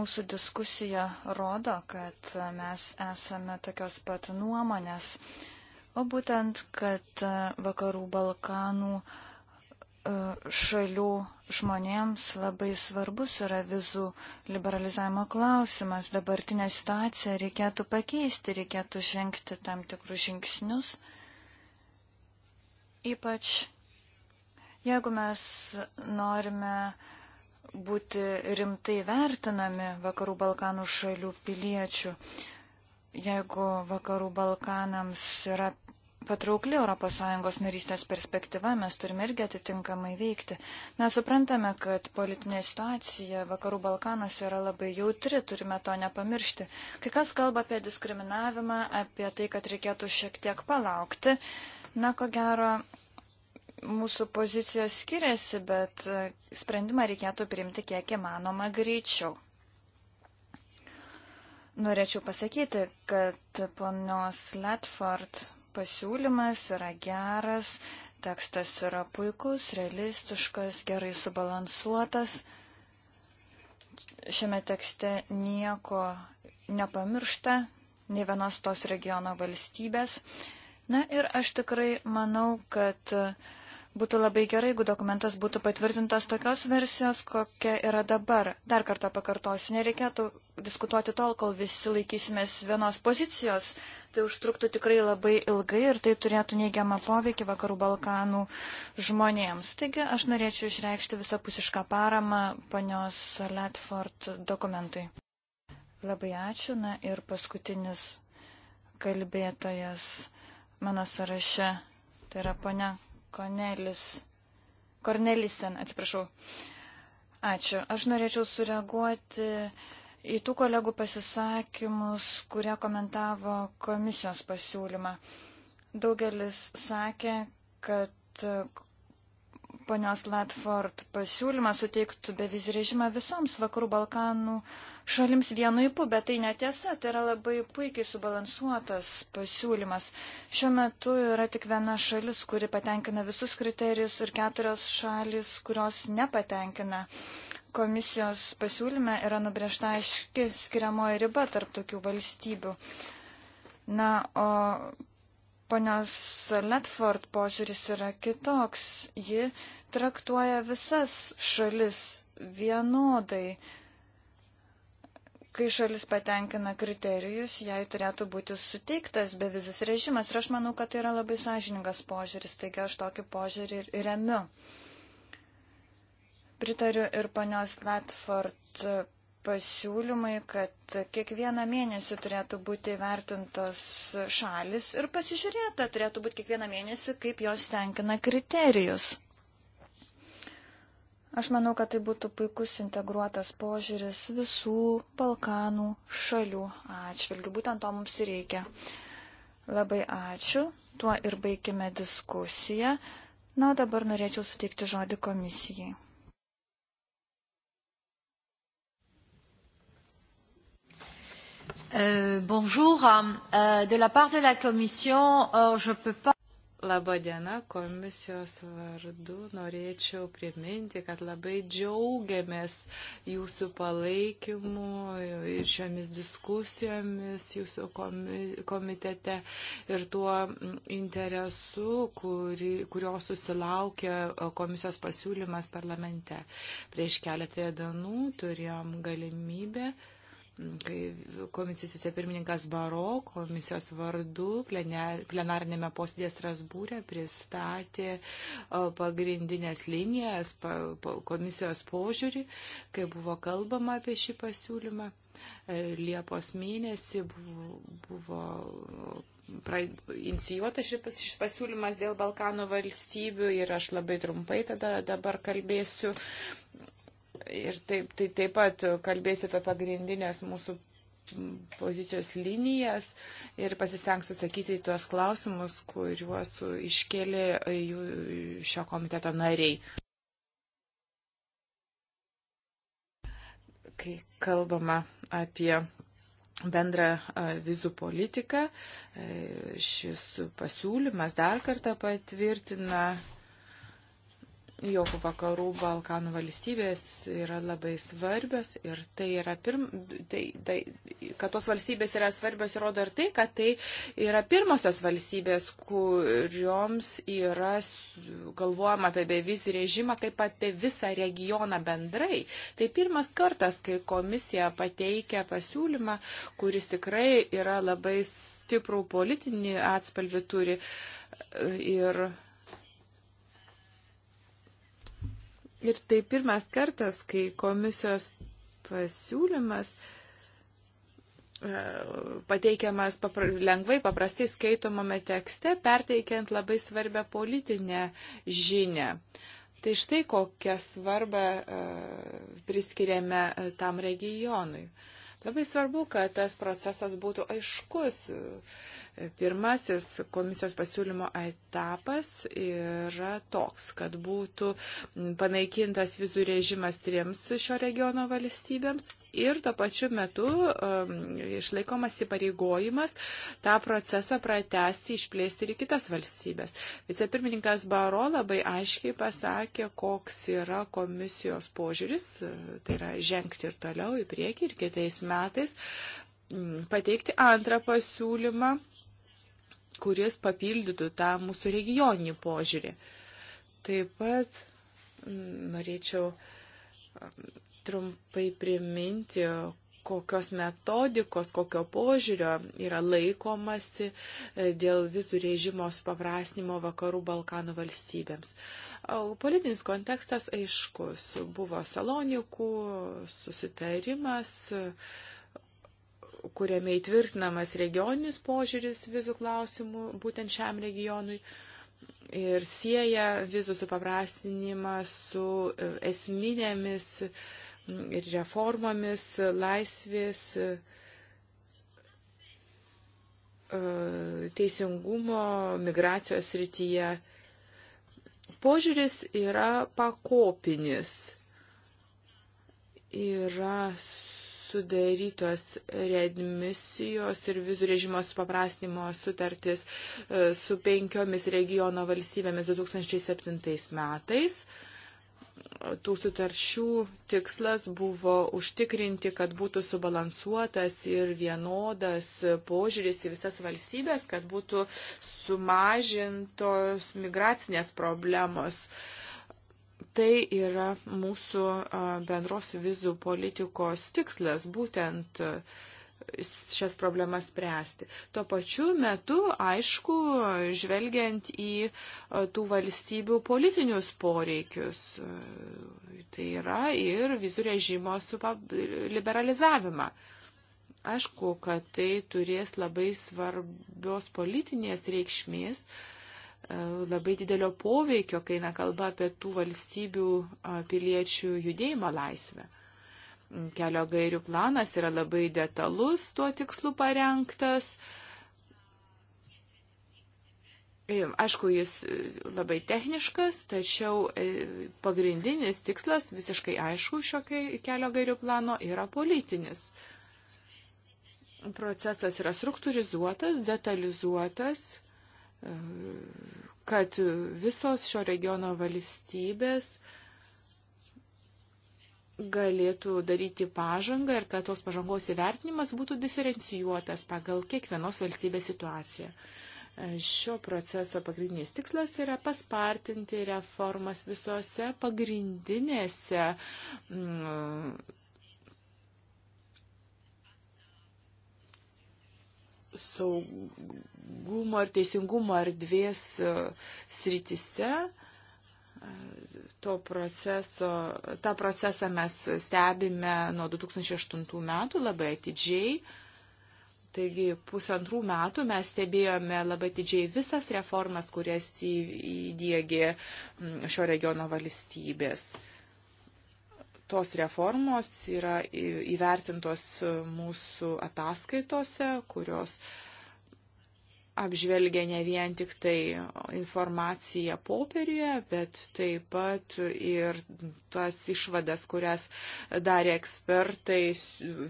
Mūsų diskusija rodo, kad mes esame tokios pat nuomonės, o būtent, kad vakarų Balkanų e, šalių žmonėms labai svarbus yra vizų liberalizavimo klausimas. Dabartinę situaciją reikėtų pakeisti, reikėtų žengti tam tikrus žingsnius Ypač jeigu mes norime būti rimtai vertinami Vakarų Balkanų šalių piliečių, jeigu Vakarų Balkanams yra patraukli ES narystės perspektyva, mes turime irgi atitinkamai veikti. Mes suprantame, kad politinė situacija Vakarų Balkanose yra labai jautri, turime to nepamiršti. Kai kas kalba apie diskriminavimą, apie tai, kad reikėtų šiek tiek palaukti, Na, ko gero, mūsų pozicijos skiriasi, bet e, sprendimą reikėtų priimti kiek įmanoma greičiau. Norėčiau pasakyti, kad ponios Letford pasiūlymas yra geras, tekstas yra puikus, realistiškas, gerai subalansuotas. Šiame tekste nieko nepamiršta, ne vienos tos regiono valstybės. Na ir aš tikrai manau, kad e, būtų labai gerai, jeigu dokumentas būtų patvirtintas tokios versijos, kokia yra dabar. Dar kartą pakartosiu, nereikėtų diskutuoti tol, kol visi laikysimės vienos pozicijos. Tai užtruktų tikrai labai ilgai ir tai turėtų neigiamą poveikį vakarų Balkanų žmonėms. Taigi aš norėčiau išreikšti visapusišką paramą panios Letford dokumentui. Labai ačiū. Na ir paskutinis kalbėtojas mano sąraše. Tai yra ponia Kornelis. Kornelisen, atsiprašau. Ačiū. Aš norėčiau sureaguoti į tų kolegų pasisakymus, kurie komentavo komisijos pasiūlymą. Daugelis sakė, kad ponios Latford pasiūlymą suteiktų bevizį režimą visoms vakarų Balkanų šalims vienu įpu, bet tai netiesa, tai yra labai puikiai subalansuotas pasiūlymas. Šiuo metu yra tik viena šalis, kuri patenkina visus kriterijus ir keturios šalis, kurios nepatenkina. Komisijos pasiūlyme yra nubriežta aiški skiriamoji riba tarp tokių valstybių. Na, o ponios Letford požiūris yra kitoks. Ji traktuoja visas šalis vienodai. Kai šalis patenkina kriterijus, jai turėtų būti suteiktas bevizis režimas. Ir aš manau, kad tai yra labai sąžiningas požiūris, taigi aš tokį požiūrį ir remiu. Pritariu ir ponios Latford pasiūlymai, kad kiekvieną mėnesį turėtų būti vertintos šalis ir pasižiūrėta turėtų būti kiekvieną mėnesį, kaip jos tenkina kriterijus. Aš manau, kad tai būtų puikus integruotas požiūris visų Balkanų šalių atšvilgių. Būtent to mums reikia. Labai ačiū. Tuo ir baigime diskusiją. Na, dabar norėčiau suteikti žodį komisijai. Euh, bonjour. Euh, de la part de la Commission, euh, je peux pas. Labadiena, komisijos vardu norėčiau priminti, kad labai džiaugiamės jūsų palaikymu ir šiomis diskusijomis jūsų komitete ir tuo interesu, kuri, kurio susilaukė komisijos pasiūlymas parlamente. Prieš keletą dienų turėjom galimybę kai komisijos vicepirmininkas Baro komisijos vardu plenarinėme posėdėje Strasbūrė pristatė pagrindinės linijas, komisijos požiūrį, kai buvo kalbama apie šį pasiūlymą. E, Liepos mėnesį buvo, buvo pra, inicijuotas šis, šis pasiūlymas dėl Balkanų valstybių ir aš labai trumpai tada dabar kalbėsiu Ir taip, tai taip pat kalbėsiu apie pagrindinės mūsų pozicijos linijas ir pasistengsiu atsakyti į tuos klausimus, kuriuos iškėlė jų šio komiteto nariai. Kai kalbama apie bendrą vizų politiką, šis pasiūlymas dar kartą patvirtina jog vakarų Balkanų valstybės yra labai svarbios ir tai yra pirm, tai, tai, kad tos valstybės yra svarbios rodo ir tai, kad tai yra pirmosios valstybės, kurioms yra galvojama apie bevizį režimą kaip apie visą regioną bendrai. Tai pirmas kartas, kai komisija pateikia pasiūlymą, kuris tikrai yra labai stiprų politinį atspalvį turi ir Ir tai pirmas kartas, kai komisijos pasiūlymas e, pateikiamas papra lengvai, paprastai skaitomame tekste, perteikiant labai svarbę politinę žinę. Tai štai kokią svarbą e, priskiriame e, tam regionui. Labai svarbu, kad tas procesas būtų aiškus, Pirmasis komisijos pasiūlymo etapas yra toks, kad būtų panaikintas vizų režimas trims šio regiono valstybėms ir tuo pačiu metu um, išlaikomas įpareigojimas tą procesą pratesti, išplėsti ir kitas valstybės. Vicepirmininkas Baro labai aiškiai pasakė, koks yra komisijos požiūris, tai yra žengti ir toliau į priekį ir kitais metais Mm, pateikti antrą pasiūlymą, kuris papildytų tą mūsų regioninį požiūrį. Taip pat mm, norėčiau mm, trumpai priminti, kokios metodikos, kokio požiūrio yra laikomasi e, dėl vizų režimo supaprasnimo vakarų Balkanų valstybėms. Politinis kontekstas aiškus. Buvo Salonikų susitarimas, kuriame įtvirtinamas regioninis požiūris vizų klausimų būtent šiam regionui ir sieja vizų supaprastinimą su e, esminėmis ir reformomis laisvės e, teisingumo migracijos rytyje. Požiūris yra pakopinis. Yra sudarytos readmisijos ir vizų režimo supaprastinimo sutartis e, su penkiomis regiono valstybėmis 2007 metais tų sutarčių tikslas buvo užtikrinti, kad būtų subalansuotas ir vienodas požiūris į visas valstybės, kad būtų sumažintos migracinės problemos. Uh, Tai yra mūsų bendros vizų politikos tikslas, būtent šias problemas spręsti. Tuo pačiu metu, aišku, žvelgiant į tų valstybių politinius poreikius, tai yra ir vizų režimo liberalizavimą. Aišku, kad tai turės labai svarbios politinės reikšmės, uh, E, labai didelio poveikio, kai na kalba apie tų valstybių piliečių judėjimo laisvę. Kelio gairių planas yra labai detalus, tuo tikslu parengtas. E, aišku, jis e, labai techniškas, tačiau pagrindinis tikslas visiškai aišku šio kelio gairių plano yra politinis. Procesas yra struktūrizuotas, detalizuotas kad visos šio regiono valstybės galėtų daryti pažangą ir kad tos pažangos įvertinimas būtų diferencijuotas pagal kiekvienos valstybės situaciją. Šio proceso pagrindinis tikslas yra paspartinti reformas visose pagrindinėse mm, saugumo ir teisingumo erdvės e, sritise. E, to proceso, tą procesą mes stebime nuo 2008 metų labai atidžiai. Taigi pusantrų metų mes stebėjome labai didžiai visas reformas, kurias įdėgė šio regiono valstybės tos reformos yra įvertintos mūsų ataskaitose, kurios uh, apžvelgia ne vien tik tai informaciją popieriuje, bet taip pat ir tas išvadas, kurias darė ekspertai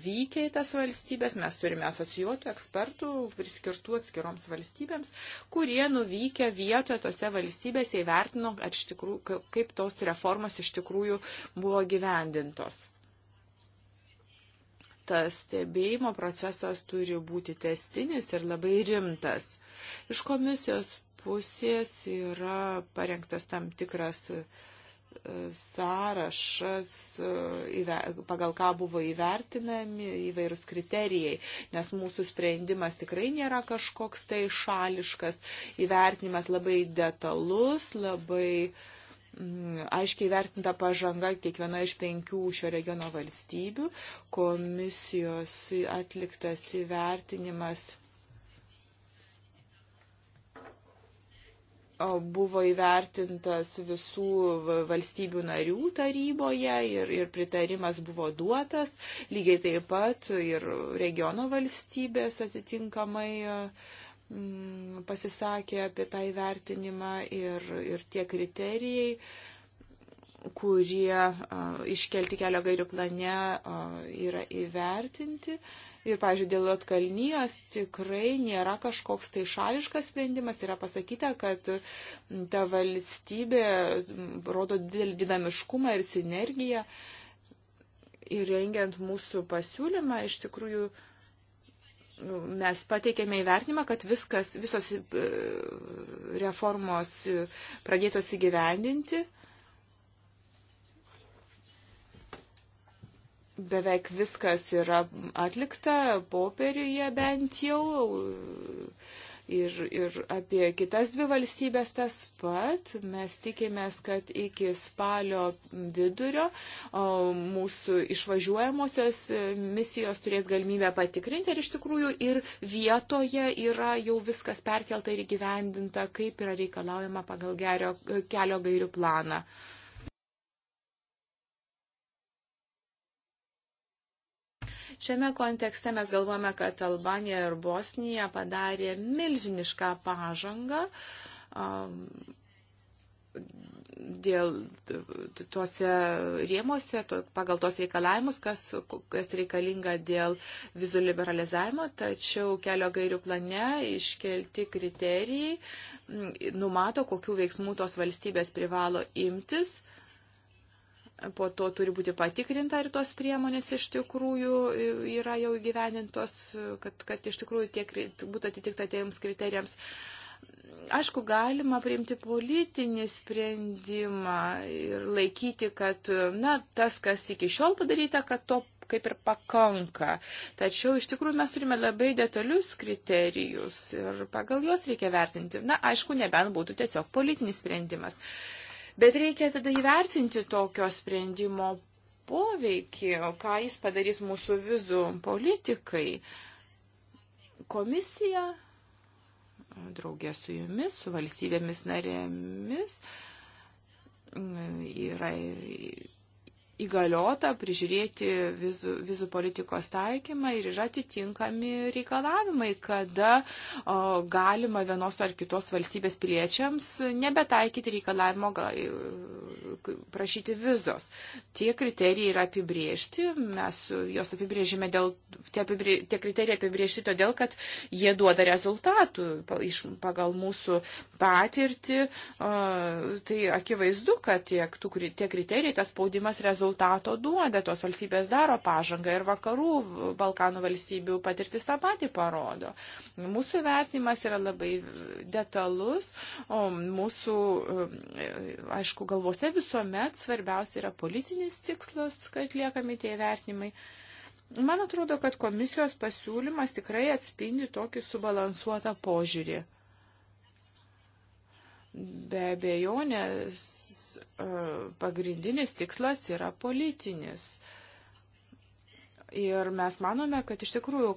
vykę į tas valstybės. Mes turime asocijuotų ekspertų priskirtų atskiroms valstybėms, kurie nuvykę vietoje tose valstybėse įvertino, tikrų, kaip tos reformos iš tikrųjų buvo gyvendintos tas stebėjimo procesas turi būti testinis ir labai rimtas. Iš komisijos pusės yra parengtas tam tikras e, sąrašas, e, pagal ką buvo įvertinami įvairūs kriterijai, nes mūsų sprendimas tikrai nėra kažkoks tai šališkas, įvertinimas labai detalus, labai uh, Mm, aiškiai vertinta viena iš penkių šio regiono valstybių. Komisijos atliktas įvertinimas buvo įvertintas visų valstybių narių taryboje ir, ir pritarimas buvo duotas, lygiai taip pat ir regiono valstybės atitinkamai uh, Mm, pasisakė apie tą įvertinimą ir, ir tie kriterijai, kurie uh, iškelti kelio gairių plane uh, yra įvertinti. Ir, pažiūrėjau, dėl atkalnyjos tikrai nėra kažkoks tai šališkas sprendimas. Yra pasakyta, kad ta valstybė rodo didelį dinamiškumą ir sinergiją. Ir rengiant mūsų pasiūlymą, iš tikrųjų, uh, mes pateikėme įvertinimą, kad viskas, visos e, reformos e, pradėtos įgyvendinti. Beveik viskas yra atlikta, popieriuje bent jau ir, ir apie kitas dvi valstybės tas pat. Mes tikimės, kad iki spalio vidurio mūsų išvažiuojamosios misijos turės galimybę patikrinti ir iš tikrųjų ir vietoje yra jau viskas perkelta ir įgyvendinta, kaip yra reikalaujama pagal gerio, kelio gairių planą. Šiame kontekste mes galvojame, kad Albanija ir Bosnija padarė milžinišką pažangą um, dėl tuose rėmose, to, pagal tos reikalavimus, kas, kas reikalinga dėl vizų liberalizavimo, tačiau kelio gairių plane iškelti kriterijai numato, kokių veiksmų tos valstybės privalo imtis. Uh, po to turi būti patikrinta ir tos priemonės iš tikrųjų yra jau įgyvenintos, kad, kad iš tikrųjų tiek būtų atitikta tiems kriterijams. Aišku, galima priimti politinį sprendimą ir laikyti, kad na, tas, kas iki šiol padaryta, kad to kaip ir pakanka. Tačiau iš tikrųjų mes turime labai detalius kriterijus ir pagal juos reikia vertinti. Na, aišku, nebent būtų tiesiog politinis sprendimas. Uh, Bet reikia tada įvertinti tokio sprendimo poveikį, ką jis padarys mūsų vizų politikai. Komisija, draugė su jumis, su valstybėmis narėmis, yra įgaliota prižiūrėti vizų, vizų politikos taikymą ir yra atitinkami reikalavimai, kada o, galima vienos ar kitos valstybės piliečiams nebetaikyti reikalavimo ga, prašyti vizos. Tie kriterijai yra apibriežti, mes juos apibrėžime dėl, tie, apibrė, tie kriterijai apibriežti todėl, kad jie duoda rezultatų iš, pagal mūsų patirtį. O, tai akivaizdu, kad tiek, tų, tie kriterijai, tas spaudimas rezultatų rezultato duoda, tos valstybės daro pažangą ir vakarų Balkanų valstybių patirtis tą patį parodo. Mūsų vertinimas yra labai detalus, o mūsų, e, aišku, galvose visuomet svarbiausia yra politinis tikslas, kad liekami tie vertinimai. Man atrodo, kad komisijos pasiūlymas tikrai atspindi tokį subalansuotą požiūrį. Be abejonės E, pagrindinis tikslas yra politinis. Ir mes manome, kad iš tikrųjų,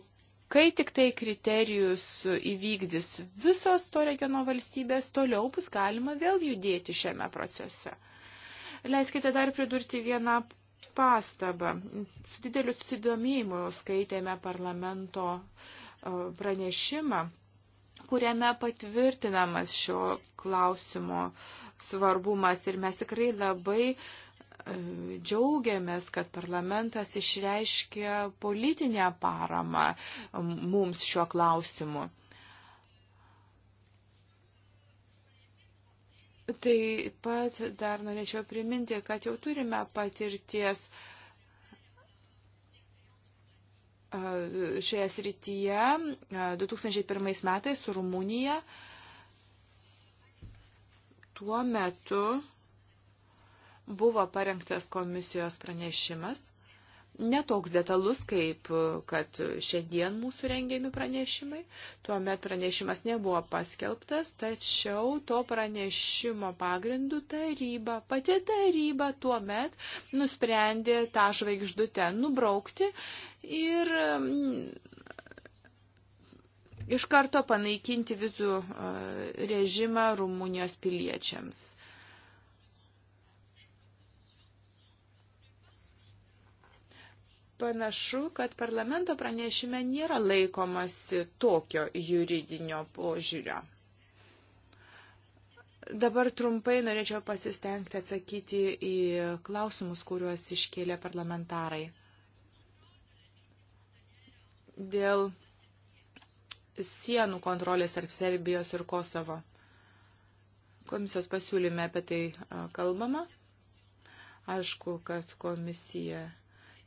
kai tik tai kriterijus įvykdys visos to regiono valstybės, toliau bus galima vėl judėti šiame procese. Leiskite dar pridurti vieną pastabą. Su dideliu susidomėjimu skaitėme parlamento e, pranešimą, kuriame patvirtinamas šio klausimo uh, svarbumas ir mes tikrai labai e, džiaugiamės, kad parlamentas išreiškė politinę paramą mums šiuo klausimu. Taip pat dar norėčiau priminti, kad jau turime patirties e, šioje srityje 2001 e, metais su Rumunija tuo metu buvo parengtas komisijos pranešimas, netoks detalus, kaip kad šiandien mūsų rengiami pranešimai. Tuomet pranešimas nebuvo paskelbtas, tačiau to pranešimo pagrindų taryba, pati taryba tuomet nusprendė tą žvaigždutę nubraukti ir mm, iš karto panaikinti vizų režimą Rumunijos piliečiams. Panašu, kad parlamento pranešime nėra laikomasi tokio juridinio požiūrio. Dabar trumpai norėčiau pasistengti atsakyti į klausimus, kuriuos iškėlė parlamentarai. Dėl sienų kontrolės tarp Serbijos ir Kosovo. Komisijos pasiūlyme apie tai kalbama. Aišku, kad komisija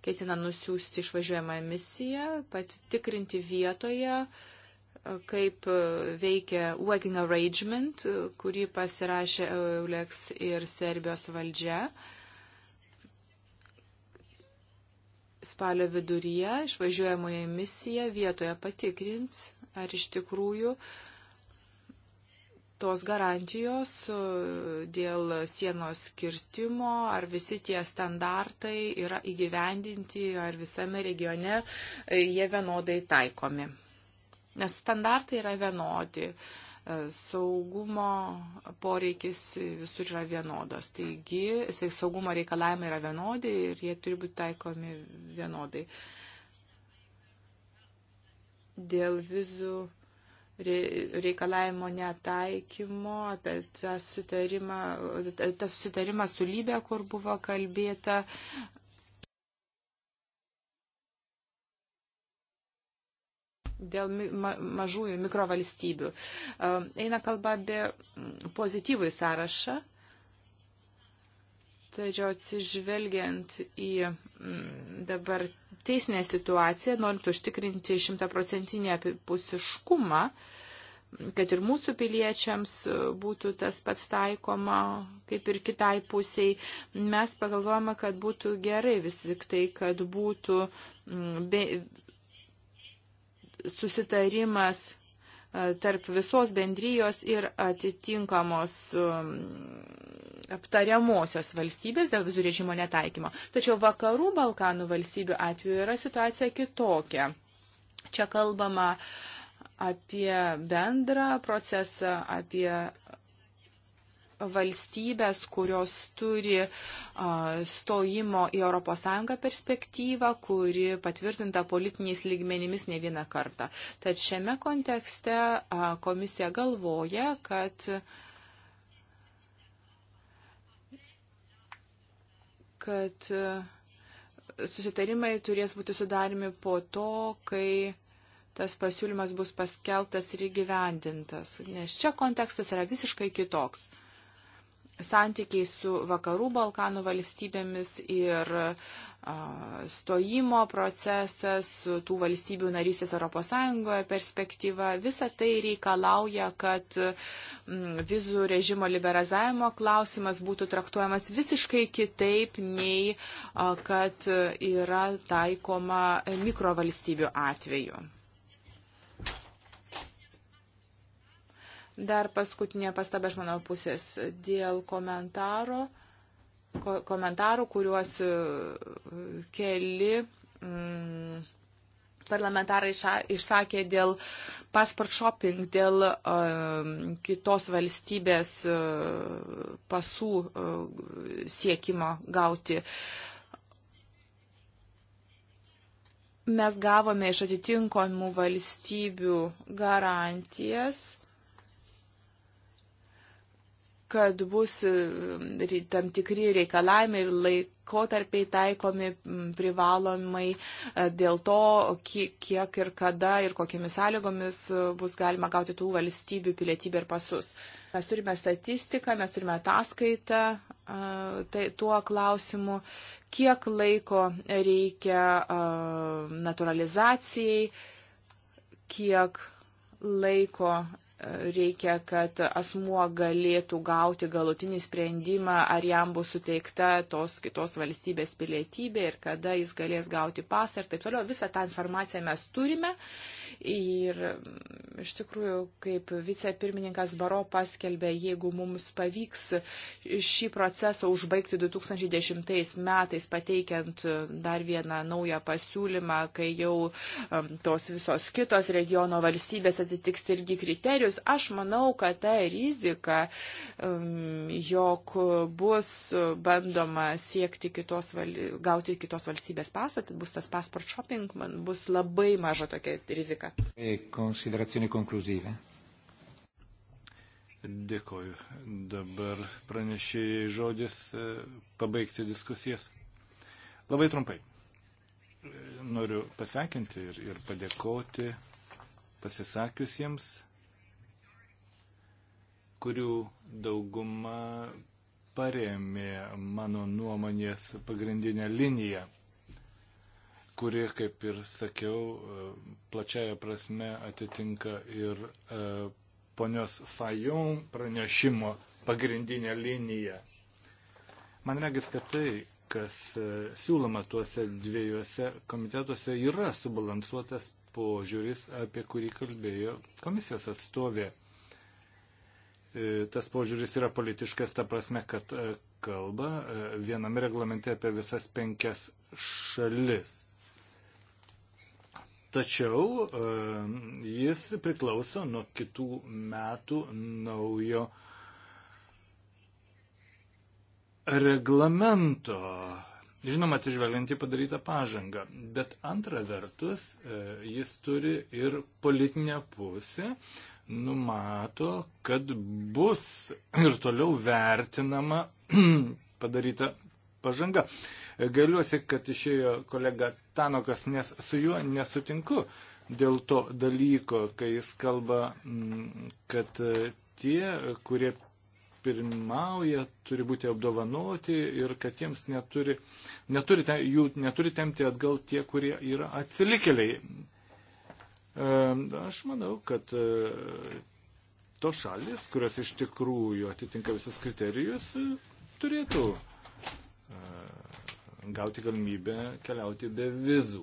ketina nusiųsti išvažiuojamą misiją, patikrinti vietoje, kaip veikia working arrangement, kurį pasirašė EULEX ir Serbijos valdžia. Spalio viduryje išvažiuojamoje misija vietoje patikrins ar iš tikrųjų tos garantijos e, dėl sienos skirtimo, ar visi tie standartai yra įgyvendinti, ar visame regione e, jie vienodai taikomi. Nes standartai yra vienodi e, saugumo poreikis visur yra vienodas. Taigi, saugumo reikalavimai yra vienodi ir jie turi būti taikomi vienodai. Uh, dėl vizų reikalavimo netaikymo, apie tą sutarimą, tą sutarimą su Lybė, kur buvo kalbėta. Dėl mažųjų mikrovalstybių. Eina kalba apie pozityvų sąrašą, tačiau atsižvelgiant į dabar teisinę situaciją, norint užtikrinti šimtaprocentinį apipusiškumą, kad ir mūsų piliečiams būtų tas pats taikoma, kaip ir kitai pusiai, mes pagalvojame, kad būtų gerai vis tik tai, kad būtų mm, be, susitarimas E, tarp visos bendrijos ir atitinkamos e, aptariamosios valstybės dėl vizų režimo netaikymo. Tačiau vakarų Balkanų valstybių atveju yra situacija kitokia. Čia kalbama apie bendrą procesą, apie valstybės, kurios turi stojimo į ES perspektyvą, kuri patvirtinta politiniais lygmenimis ne vieną kartą. Tad šiame kontekste komisija galvoja, kad kad susitarimai turės būti sudarimi po to, kai tas pasiūlymas bus paskeltas ir įgyvendintas, nes čia kontekstas yra visiškai kitoks santykiai su vakarų Balkanų valstybėmis ir stojimo procesas, tų valstybių narysės ES perspektyva, visa tai reikalauja, kad vizų režimo liberalizavimo klausimas būtų traktuojamas visiškai kitaip, nei kad yra taikoma mikrovalstybių atveju. Dar paskutinė pastaba iš mano pusės dėl komentaro, ko, komentarų, kuriuos e, keli mm, parlamentarai ša, išsakė dėl passport shopping, dėl uh, kitos valstybės uh, pasų uh, siekimo gauti. Uh, mes gavome iš atitinkamų valstybių garantijas kad bus e, tam tikri reikalavimai ir laikotarpiai taikomi privalomai e, dėl to, kiek ir kada ir kokiamis sąlygomis e, bus galima gauti tų valstybių pilietybę ir pasus. Mes turime statistiką, mes turime ataskaitą tai, tuo klausimu, kiek laiko reikia naturalizacijai, kiek laiko reikia, kad asmuo galėtų gauti galutinį sprendimą, ar jam bus suteikta tos kitos valstybės pilietybė ir kada jis galės gauti pasą ir taip toliau. Visą tą informaciją mes turime Ir mm, iš tikrųjų, kaip vicepirmininkas Baro paskelbė, jeigu mums pavyks šį procesą užbaigti 2010 metais, pateikiant mm, dar vieną naują pasiūlymą, kai jau mm, tos visos kitos regiono valstybės atitiks irgi kriterijus, aš manau, kad ta rizika, jog bus bandoma siekti kitos, gauti kitos valstybės pasą, tai bus tas passport shopping, man bus labai maža tokia rizika politiką. E Dėkoju. Dabar pranešėjai žodis e, pabaigti diskusijas. Labai trumpai. E, noriu pasveikinti ir, ir padėkoti pasisakiusiems, kurių dauguma paremė mano nuomonės pagrindinę liniją kuri, kaip ir sakiau, e, plačiaja prasme atitinka ir e, ponios Fajon pranešimo pagrindinę liniją. Man regis, kad tai, kas e, siūloma tuose dviejose komitetuose, yra subalansuotas požiūris, apie kurį kalbėjo komisijos atstovė. Tas požiūris yra politiškas, ta prasme, kad kalba viename reglamente apie visas penkias šalis tačiau jis priklauso nuo kitų metų naujo reglamento. Žinoma, atsižvelgiant į padarytą pažangą, bet antra vertus, e, jis turi ir politinę pusę, numato, kad bus ir toliau vertinama padaryta pažanga. Gailiuosi, kad išėjo kolega Tanokas, nes su juo nesutinku dėl to dalyko, kai jis kalba, mm, kad e, tie, kurie pirmauja, turi būti apdovanoti ir kad jiems neturi, neturi, jų neturi temti atgal tie, kurie yra atsilikėliai. E, aš manau, kad e, tos šalis, kurios iš tikrųjų atitinka visus kriterijus, turėtų E, gauti galimybę keliauti be vizų.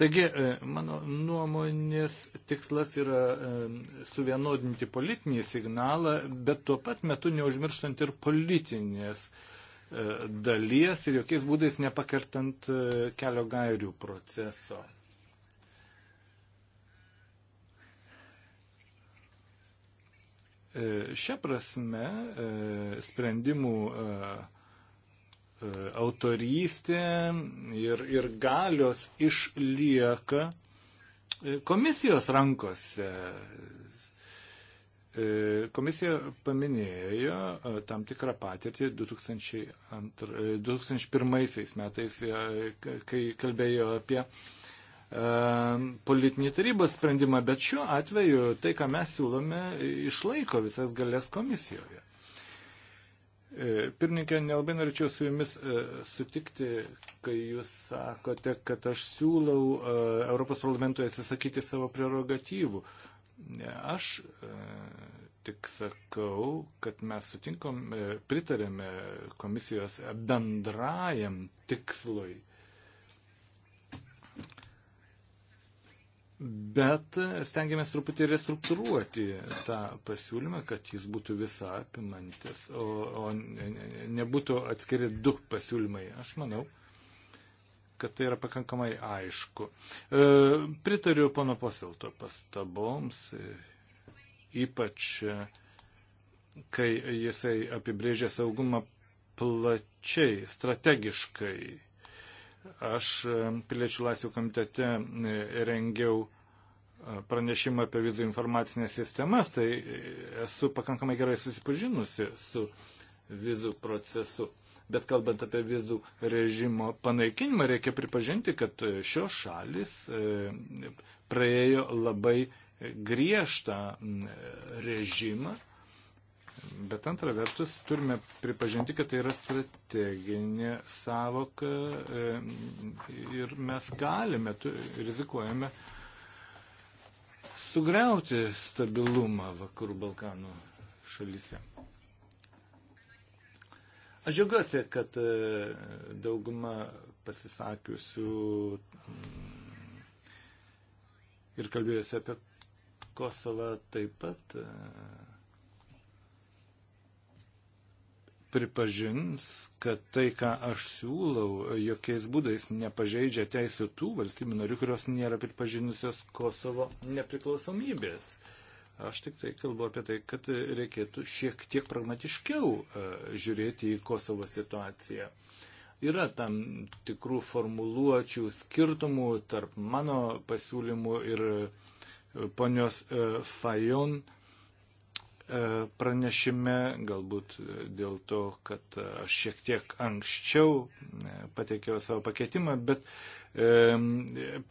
Taigi, e, mano nuomonės tikslas yra e, suvienodinti politinį signalą, bet tuo pat metu neužmirštant ir politinės dalies ir jokiais būdais nepakartant kelio gairių proceso. E, šia prasme e, sprendimų e, autorystė ir, ir galios išlieka komisijos rankose. Komisija paminėjo tam tikrą patirtį 2002, 2001 metais, kai kalbėjo apie E, politinį tarybos sprendimą, bet šiuo atveju tai, ką mes siūlome, išlaiko visas galės komisijoje. E, pirmininkė, nelabai norėčiau su jumis e, sutikti, kai jūs sakote, kad aš siūlau Europos parlamentui atsisakyti savo prerogatyvų. Aš tik sakau, kad mes sutinkom, pritarėme komisijos bendrajam tikslui bet stengiamės truputį restruktūruoti tą pasiūlymą, kad jis būtų visą apimantis, o, o nebūtų atskiri du pasiūlymai. Aš manau, kad tai yra pakankamai aišku. E, pritariu pono posilto pastaboms, e, ypač e, kai jisai apibrėžia saugumą plačiai, strategiškai Aš e, piliečių laisvių komitete e, rengiau e, pranešimą apie vizų informacinės sistemas, tai esu pakankamai gerai susipažinusi su vizų procesu. Bet kalbant apie vizų režimo panaikinimą, reikia pripažinti, kad šios šalis praėjo labai griežtą režimą Bet antra vertus, turime pripažinti, kad tai yra strateginė savoka e, ir mes galime, rizikuojame sugriauti stabilumą vakarų Balkanų šalyse. Aš džiaugiuosi, kad e, dauguma pasisakiusių mm, ir kalbėjusi apie Kosovą taip pat e, pripažins, kad tai, ką aš siūlau, jokiais būdais nepažeidžia teisų tų valstybių narių, kurios nėra pripažinusios Kosovo nepriklausomybės. Aš tik tai kalbu apie tai, kad reikėtų šiek tiek pragmatiškiau e, žiūrėti į Kosovo situaciją yra tam tikrų formuluočių skirtumų tarp mano pasiūlymų ir e, ponios e, Fajon E, pranešime, galbūt dėl to, kad aš šiek tiek anksčiau e, pateikiau savo pakeitimą, bet e,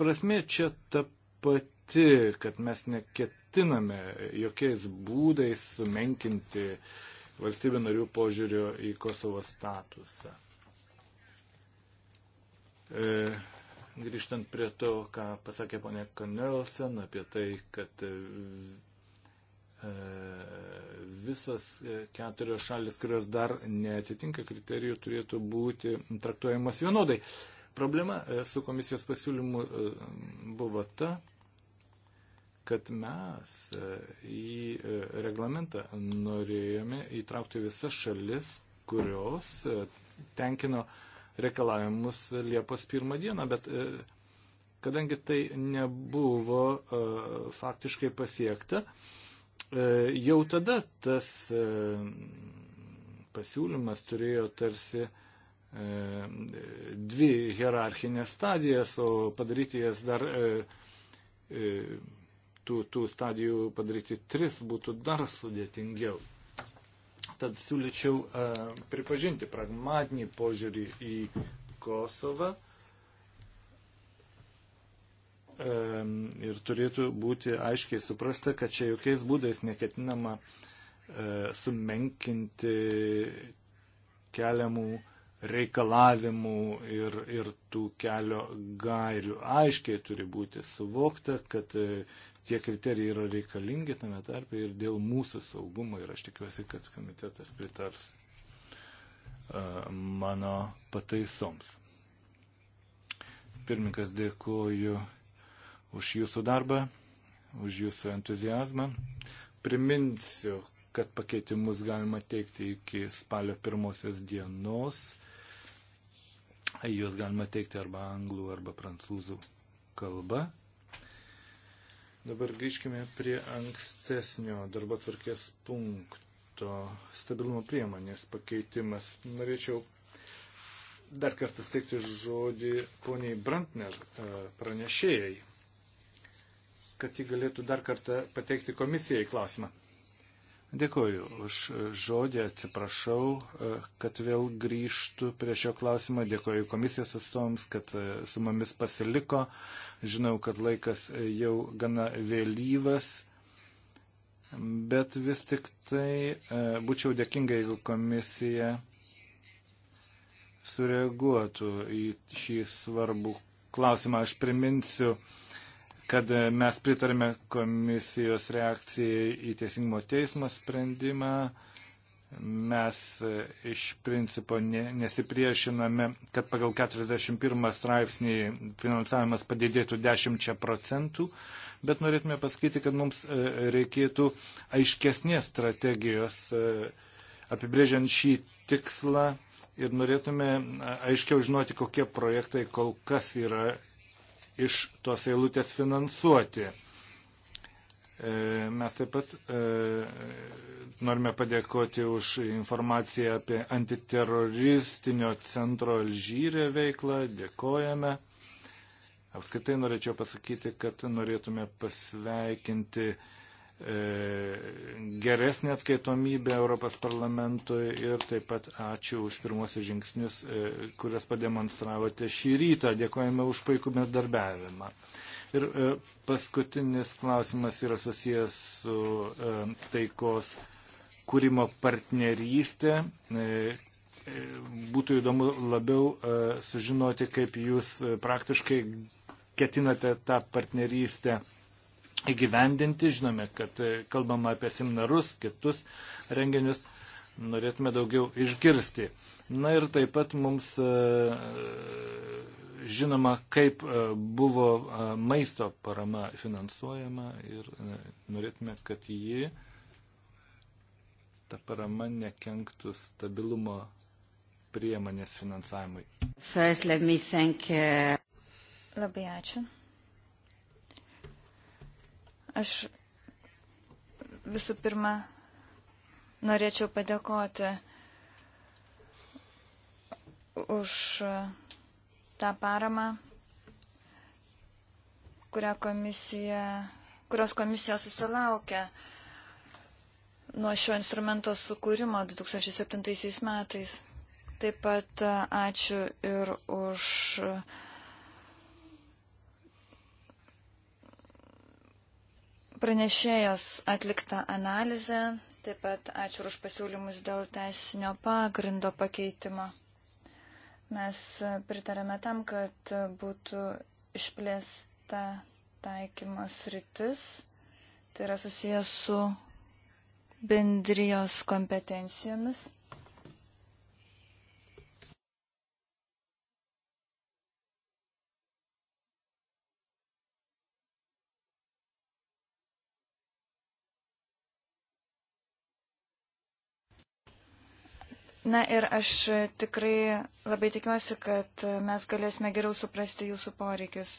prasme čia ta pati, kad mes neketiname jokiais būdais sumenkinti valstybių narių požiūrio į Kosovo statusą. E, grįžtant prie to, ką pasakė ponė Konelsen apie tai, kad E, visas e, keturios šalis, kurios dar netitinka kriterijų, turėtų būti traktuojamas vienodai. Problema e, su komisijos pasiūlymu buvo ta, kad mes į reglamentą norėjome įtraukti visas šalis, kurios tenkino reikalavimus Liepos pirmą dieną, bet kadangi tai nebuvo faktiškai pasiekta, E, jau tada tas e, pasiūlymas turėjo tarsi e, dvi hierarchinės stadijas, o padaryti jas dar tų, tų stadijų padaryti tris būtų dar sudėtingiau. Tad siūlyčiau pripažinti pragmatinį požiūrį į Kosovą ir turėtų būti aiškiai suprasta, kad čia jokiais būdais neketinama e, sumenkinti keliamų reikalavimų ir, ir tų kelio gairių. Aiškiai turi būti suvokta, kad e, tie kriterijai yra reikalingi tame tarpe ir dėl mūsų saugumo ir aš tikiuosi, kad komitetas pritars e, mano pataisoms. Pirmininkas dėkoju už jūsų darbą, už jūsų entuzijazmą. Priminsiu, kad pakeitimus galima teikti iki spalio pirmosios dienos. Juos galima teikti arba anglų, arba prancūzų kalba. Dabar grįžkime prie ankstesnio darbo tvarkės punkto stabilumo priemonės pakeitimas. Norėčiau dar kartą steigti žodį poniai Brantner e, pranešėjai kad ji galėtų dar kartą pateikti komisijai klausimą. Dėkuoju už žodį, atsiprašau, e, kad vėl grįžtų prie šio klausimo. Dėkuoju komisijos atstovams, kad e, su mumis pasiliko. Žinau, kad laikas e, jau gana vėlyvas, bet vis tik tai būčiau dėkinga, jeigu komisija sureaguotų į šį svarbų klausimą. Aš priminsiu, kad e, mes pritarėme komisijos reakcijai į Teisingumo teismo sprendimą. Mes e, iš principo nesipriešiname, kad pagal 41 straipsnį finansavimas padidėtų 10 procentų, bet norėtume pasakyti, kad mums e, reikėtų aiškesnės strategijos apibrėžiant šį tikslą ir norėtume aiškiau žinoti, kokie projektai kol kas yra iš tos eilutės finansuoti. E, mes taip pat e, norime padėkoti už informaciją apie antiteroristinio centro Alžyrė veiklą. Dėkojame. Apskaitai norėčiau pasakyti, kad norėtume pasveikinti uh, E, geresnė atskaitomybė Europos parlamentui ir taip pat ačiū už pirmosius žingsnius, e, kurias pademonstravote šį rytą. Dėkojame už puikų bendarbiavimą. Ir e, paskutinis klausimas yra susijęs su taikos kūrimo partnerystė. Būtų įdomu labiau sužinoti, kaip jūs praktiškai ketinate tą partnerystę įgyvendinti. Žinome, kad e, kalbama apie seminarus, kitus renginius. Norėtume daugiau išgirsti. Na ir taip pat mums e, žinoma, kaip e, buvo maisto parama finansuojama ir norėtume, kad ji ta parama nekenktų stabilumo priemonės finansavimui. First, uh, Labai ačiū. Aš visų pirma norėčiau padėkoti už tą paramą, kurią komisija, kurios komisija susilaukė nuo šio instrumento sukūrimo 2007 metais. Taip pat ačiū ir už uh, pranešėjos atliktą analizę, taip pat ačiū už pasiūlymus dėl teisinio pagrindo pakeitimo. Mes pritarėme tam, kad būtų išplėsta taikymas rytis, tai yra susijęs su bendrijos kompetencijomis. Na ir aš tikrai labai tikiuosi, kad mes galėsime geriau suprasti jūsų poreikius.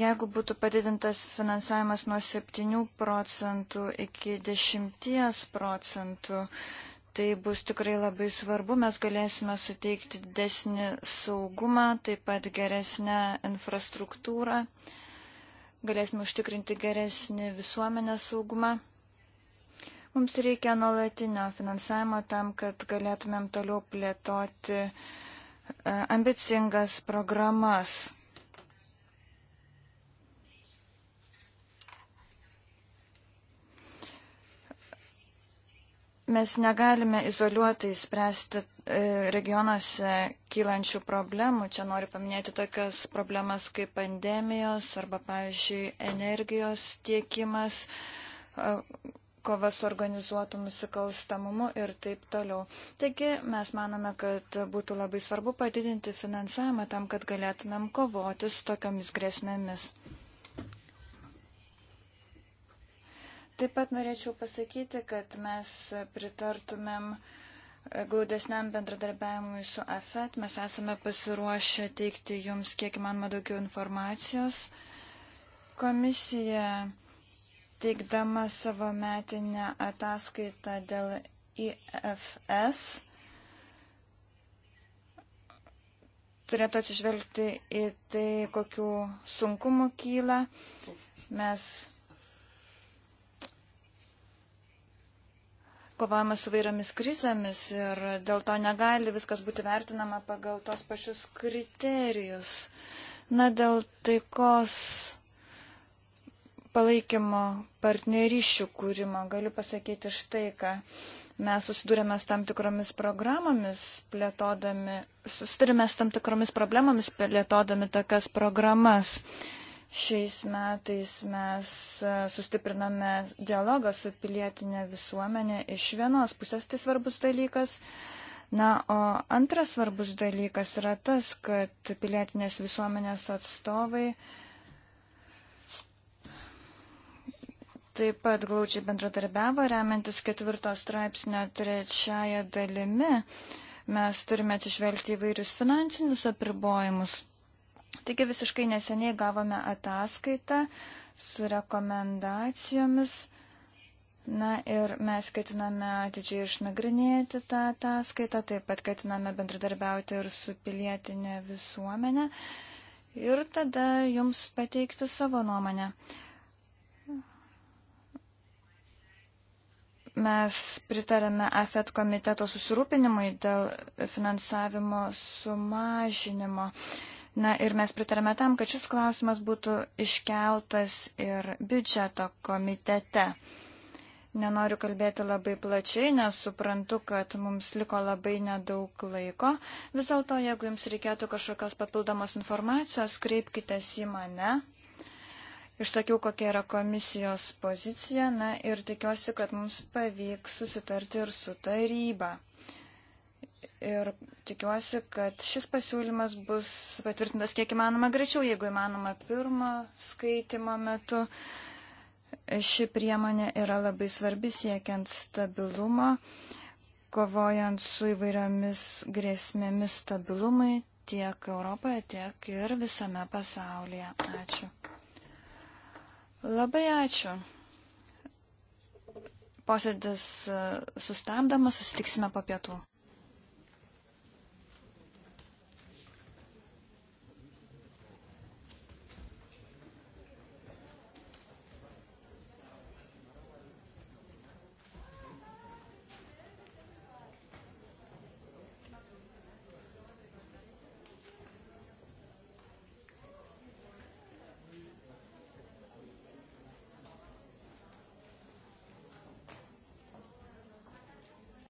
Jeigu būtų padidintas finansavimas nuo 7 procentų iki 10 procentų, tai bus tikrai labai svarbu. Mes galėsime suteikti didesnį saugumą, taip pat geresnę infrastruktūrą, galėsime užtikrinti geresnį visuomenę saugumą. Mums reikia nuolatinio finansavimo tam, kad galėtumėm toliau plėtoti e, ambicingas programas. Mes negalime izoliuotai spręsti e, regionuose kylančių problemų. Čia noriu paminėti tokias problemas kaip pandemijos arba, pavyzdžiui, energijos tiekimas, e, kova su organizuotu nusikalstamumu ir taip toliau. Taigi mes manome, kad būtų labai svarbu padidinti finansavimą tam, kad galėtumėm kovoti su tokiamis grėsmėmis. Taip pat norėčiau pasakyti, kad mes pritartumėm glaudesniam bendradarbiavimui su AFET. Mes esame pasiruošę teikti jums kiek įmanoma daugiau informacijos. Komisija teikdama savo metinę ataskaitą dėl IFS turėtų atsižvelgti į tai, kokiu sunkumu kyla. Mes kovojame su vairiomis krizėmis ir dėl to negali viskas būti vertinama pagal tos pačius kriterijus. Na, dėl taikos palaikymo partnerysčių kūrimo. Galiu pasakyti štai, ką mes susidūrėme su tam tikromis programomis, plėtodami, susidūrėme su tam tikromis problemomis, plėtodami tokias programas. Šiais metais mes e, sustipriname dialogą su pilietinė visuomenė. Iš vienos pusės tai svarbus dalykas. Na, o antras svarbus dalykas yra tas, kad pilietinės visuomenės atstovai uh, taip pat glaučiai bendradarbiavo, remiantis ketvirto straipsnio trečiaja dalimi. Mes turime atsižvelgti įvairius finansinius apribojimus. Taigi visiškai neseniai gavome ataskaitą su rekomendacijomis. Na ir mes ketiname atidžiai išnagrinėti tą ataskaitą, taip pat ketiname bendradarbiauti ir su pilietinė visuomenė ir tada jums pateikti savo nuomonę. Mes pritarėme AFET komiteto susirūpinimui dėl finansavimo sumažinimo. Na ir mes pritarėme tam, kad šis klausimas būtų iškeltas ir biudžeto komitete. Nenoriu kalbėti labai plačiai, nes suprantu, kad mums liko labai nedaug laiko. Vis dėlto, jeigu jums reikėtų kažkokios papildomos informacijos, kreipkite į mane. Išsakiau, kokia yra komisijos pozicija, na ir tikiuosi, kad mums pavyks susitarti ir su taryba. Ir tikiuosi, kad šis pasiūlymas bus patvirtintas kiek įmanoma greičiau, jeigu įmanoma pirmo skaitimo metu. Ši priemonė yra labai svarbi siekiant stabilumo, kovojant su įvairiomis grėsmėmis stabilumui tiek Europoje, tiek ir visame pasaulyje. Ačiū. Labai ačiū. Posėdis e, sustabdamas, susitiksime po pietų.